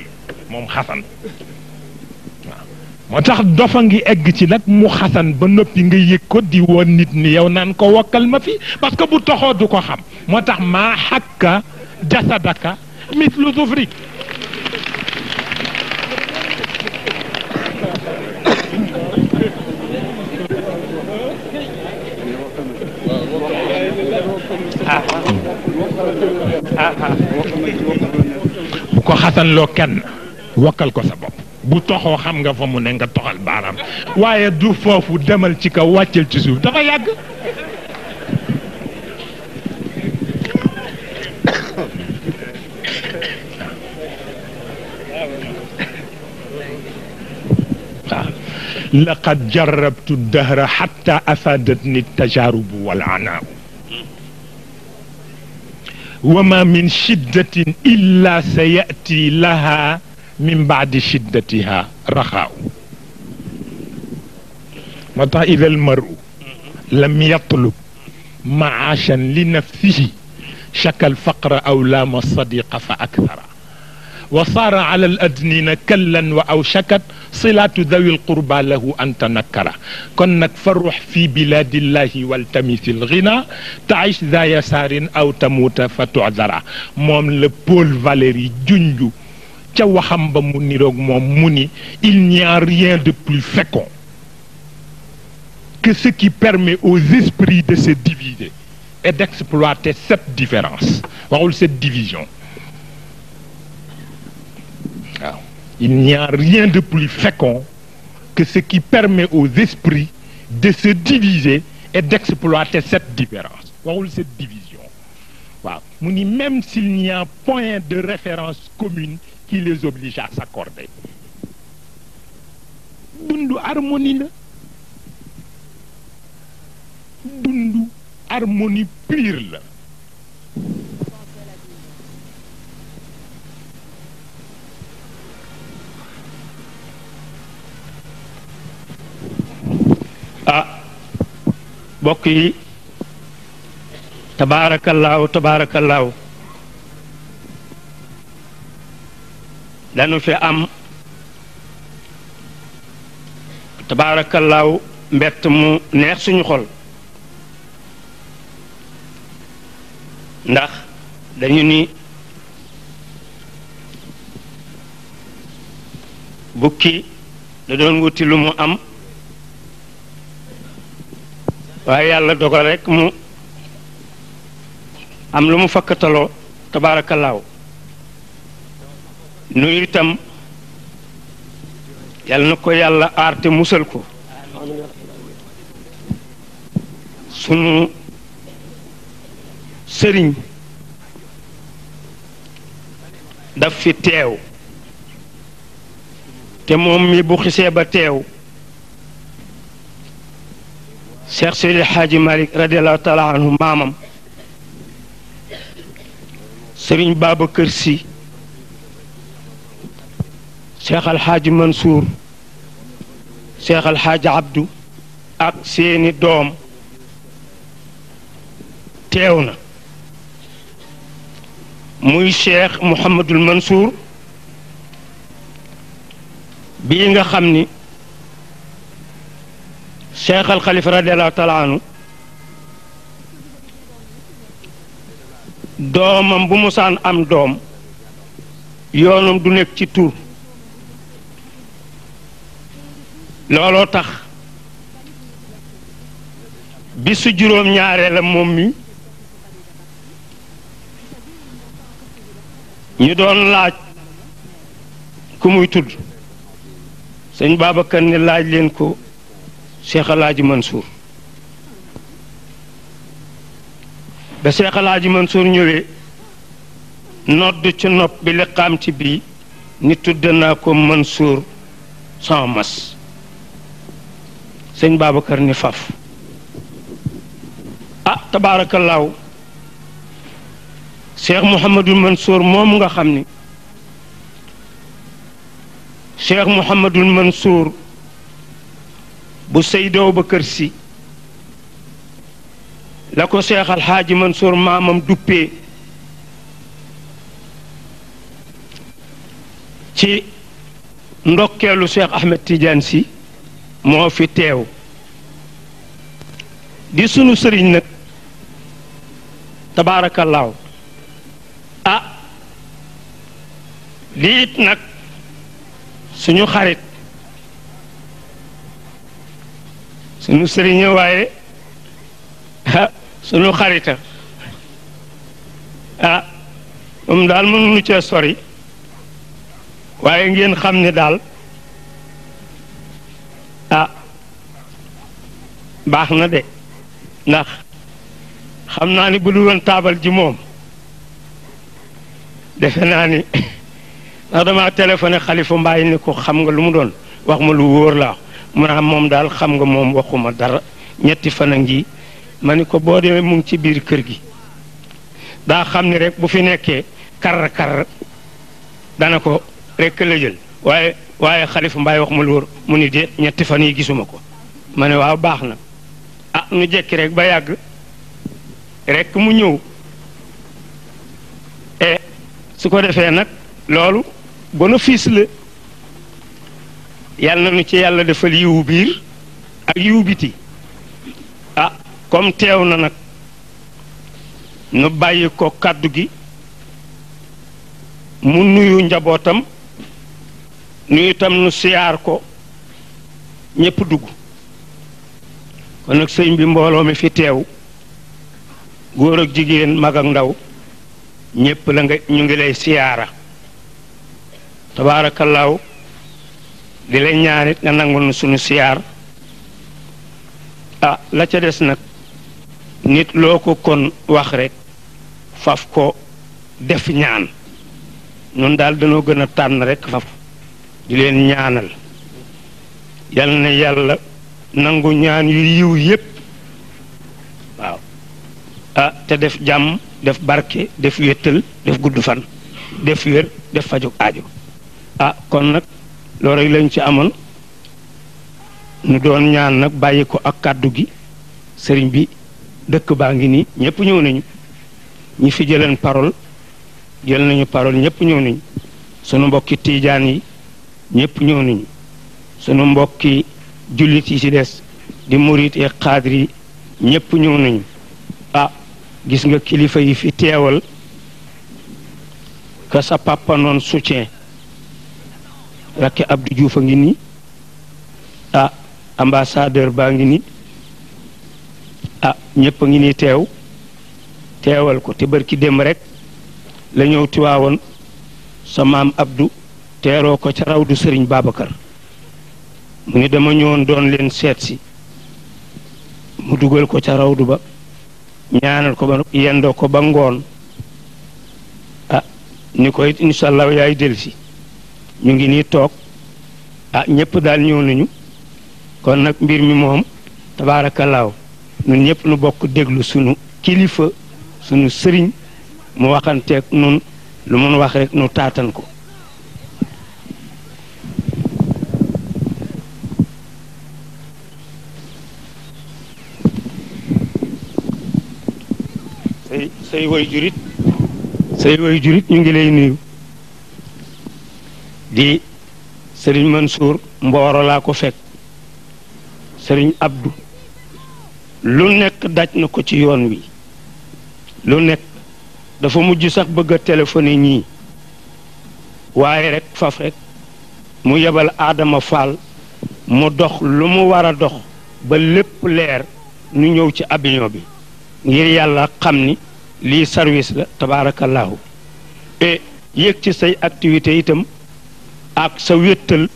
mom xasan waaw moo tax dofa ngi egg ci nag mu xasan ba noppi nga yëg ko di woon nit ni yow naan ko wokkal ma fi parce que bu toxoo du ko xam moo tax maa jasadaka mislu sufri bu ko xasanloo kenn wakkal ko sa bopp bu toxo xam nga fa mu ne nga toxal baaraam waaye du foofu demal ci kaw wàccel ci suuf لقد جربت الدهر حتى أفادتني التجارب والعناء وما من شدة إلا سيأتي لها من بعد شدتها رخاء متى إذا المرء لم يطلب معاشا لنفسه شكى الفقر أو لام الصديق فأكثر وصار على الأدنين كلا وأوشكت صلاة ذوي القربى له أن تنكر كنك فرح في بلاد الله والتمث الغنى تعيش ذا يسار أو تموت فتعذر موم لبول فاليري جنجو تشو حمب موني روغ موم موني il n'y a rien de plus fécond que ce qui permet aux esprits de se diviser et d'exploiter cette différence. cette division. Il n'y a rien de plus fécond que ce qui permet aux esprits de se diviser et d'exploiter cette différence. cette division. Même s'il n'y a point de référence commune qui les oblige à s'accorder. dundu harmonie harmonie pure ah bokk yi tabaarakallaahu tabaarakallaahu dañu fi am tabaarakallaahu mbett mu neex suñu xol ndax dañu ni bukki da doon wuti lu mu am waa yàlla dogal rek mu am lu mu fakkataloo tabaarakallaahu nuyu itam yàlla na ko yàlla aar te musal ko sunu sëriñ daf fi teew te moom mi bu xisee ba teew شيخ سيد الحاج مالك رضي الله تعالى عنه مامم سرين باب كرسي شيخ الحاج منصور شيخ الحاج عبدو اك سيني دوم تيونا موي شيخ محمد المنصور بيغا خامني cheikh al xalifa radiallahu taala doomam bu musaan am doom yoonam du nekk ci tur looloo tax bi su juróom ñaaree moom mi ñu doon laaj ku muy tudd sëñ Babacar ni laaj leen ko Cheikh El Hadj Mansour ba Cheikh El Hadj ñëwee nodd ci nopp bi liqaam ci bii ni tudd naa ko Mansour sans mas sëñ Babacar ni faf ah tabaarakallaahu Cheikh Mouhamadul Mansour moom nga xam ni Cheikh Mouhamadul Mansour bu seydo ba kër si la ko seex alxaaji Mansour mamam ci ndokkelu cheikh ahmed tidiane si mo fi tew di sunu serign nak tabarakallah ah liit nak suñu xarit sunu sëriña waaye ah sunu xarita ah moom daal mënuñu cee sori waaye ngeen xam ne daal ah baax na de ndax xam naa ni bu dul woon taabal ji moom defe naa ni ndax damaa téléphoné xalifa mbaay ni ko xam nga lu mu doon wax ma lu wóor laa mu ne ah, moom daal xam nga moom waxuma dara ñetti fan a ngi ma ni ko boo demee mu ci biir kër gi daa xam ni rek bu fi nekkee kar karr dana ko rek la jël waaye waaye xalifa mbaay wax ma lu wóor mu ni de ñetti fan yi gisuma ko ma ne waaw baax na a ah, nu jekki rek ba yàgg rek mu ñëw e su ko defee nag loolu bénéfice la yàlla na nu ci yàlla defal yiwu biir ak yiwu biti a ah, comme teew na nag nu bàyyi ko kàddu gi mu nuyu njabootam nuyu itam nu siyaar ko ñépp dugg kon nag sëñ bi mbooloo mi fi teew góor ak jigéen mag ak ndaw ñépp la nga ñu ngi lay siyaara tabaarakallaahu di la ñaanit nga nangul nu suñu siyaar ah la ca des nag nit loo ko kon wax rek faf ko def ñaan ñun daal dañoo gën a tànn rekk faf di leen ñaanal yal na yàlla nangu ñaan yu yiw yépp waaw ah, te def jàmm def barke def wéttal def gudd fan def wér def fajug aajo ah kon nag lo rek lañ ci amoon ñu doon ñaan nak bayiko ak kaddu gi sëriñ bi dëkk baa ngi nii ñëpp ñëw nañu ñi fi jëlën parole jël nañu parole ñepp ñëw nañu suñu mbokki tidiane yi ñepp ñëw nañu suñu mbokki jullit yi ci dess di mourid e qadri ñepp ñëw nañu ah gis nga kilifa yi fi ka sa papa non soutien rakki Abdou Diouf a ngi nii ah ambassadeur baa ngi nii ah ñëpp a ngi nii teew teewal ko te barki dem rek la ñëw tiwaawoon sa maam abdu teeroo ko ca rawdu Serigne Babacar mu ni dama ñëwoon doon leen seet si mu dugal ko ca rawdu ba ñaanal ko ba yendoo ko ba ngoon a ah, ni koy incha allah yaay delsi ñu ngi nii toog ah ñëpp daal ñëw nañu kon nag mbir mi moom tabaarakallaaw ñun ñëpp nu bokk déglu sunu kilifa sunu sëriñ mu waxanteek nun lu mun wax rek nu taatan ko say jurit say way jurit ñu ngi lay nuyu di sëriñ Mansour Mbooro laa ko fekk sëriñ abdu lu nekk daj na ko ci yoon wi lu nekk dafa mujj sax bëgg a téléphoné ñii waaye rek faf rek mu yebal aadama Fall mu dox lu mu war a dox ba lépp leer ñu ñëw ci avion bi ngir yàlla xam ni lii service la tabaarakallaahu et yéeg ci say activités itam ak sa wéttal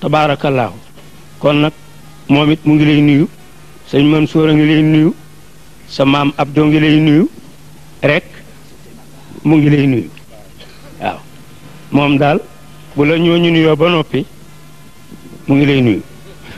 tabaarakallaahu kon nag moom it mu ngi lay nuyu sëñ Mansour a ngi lay nuyu sa maam Abdou ngi lay nuyu rekk mu ngi lay nuyu waaw moom daal bu la ñooñu nuyoo ba noppi mu ngi lay nuyu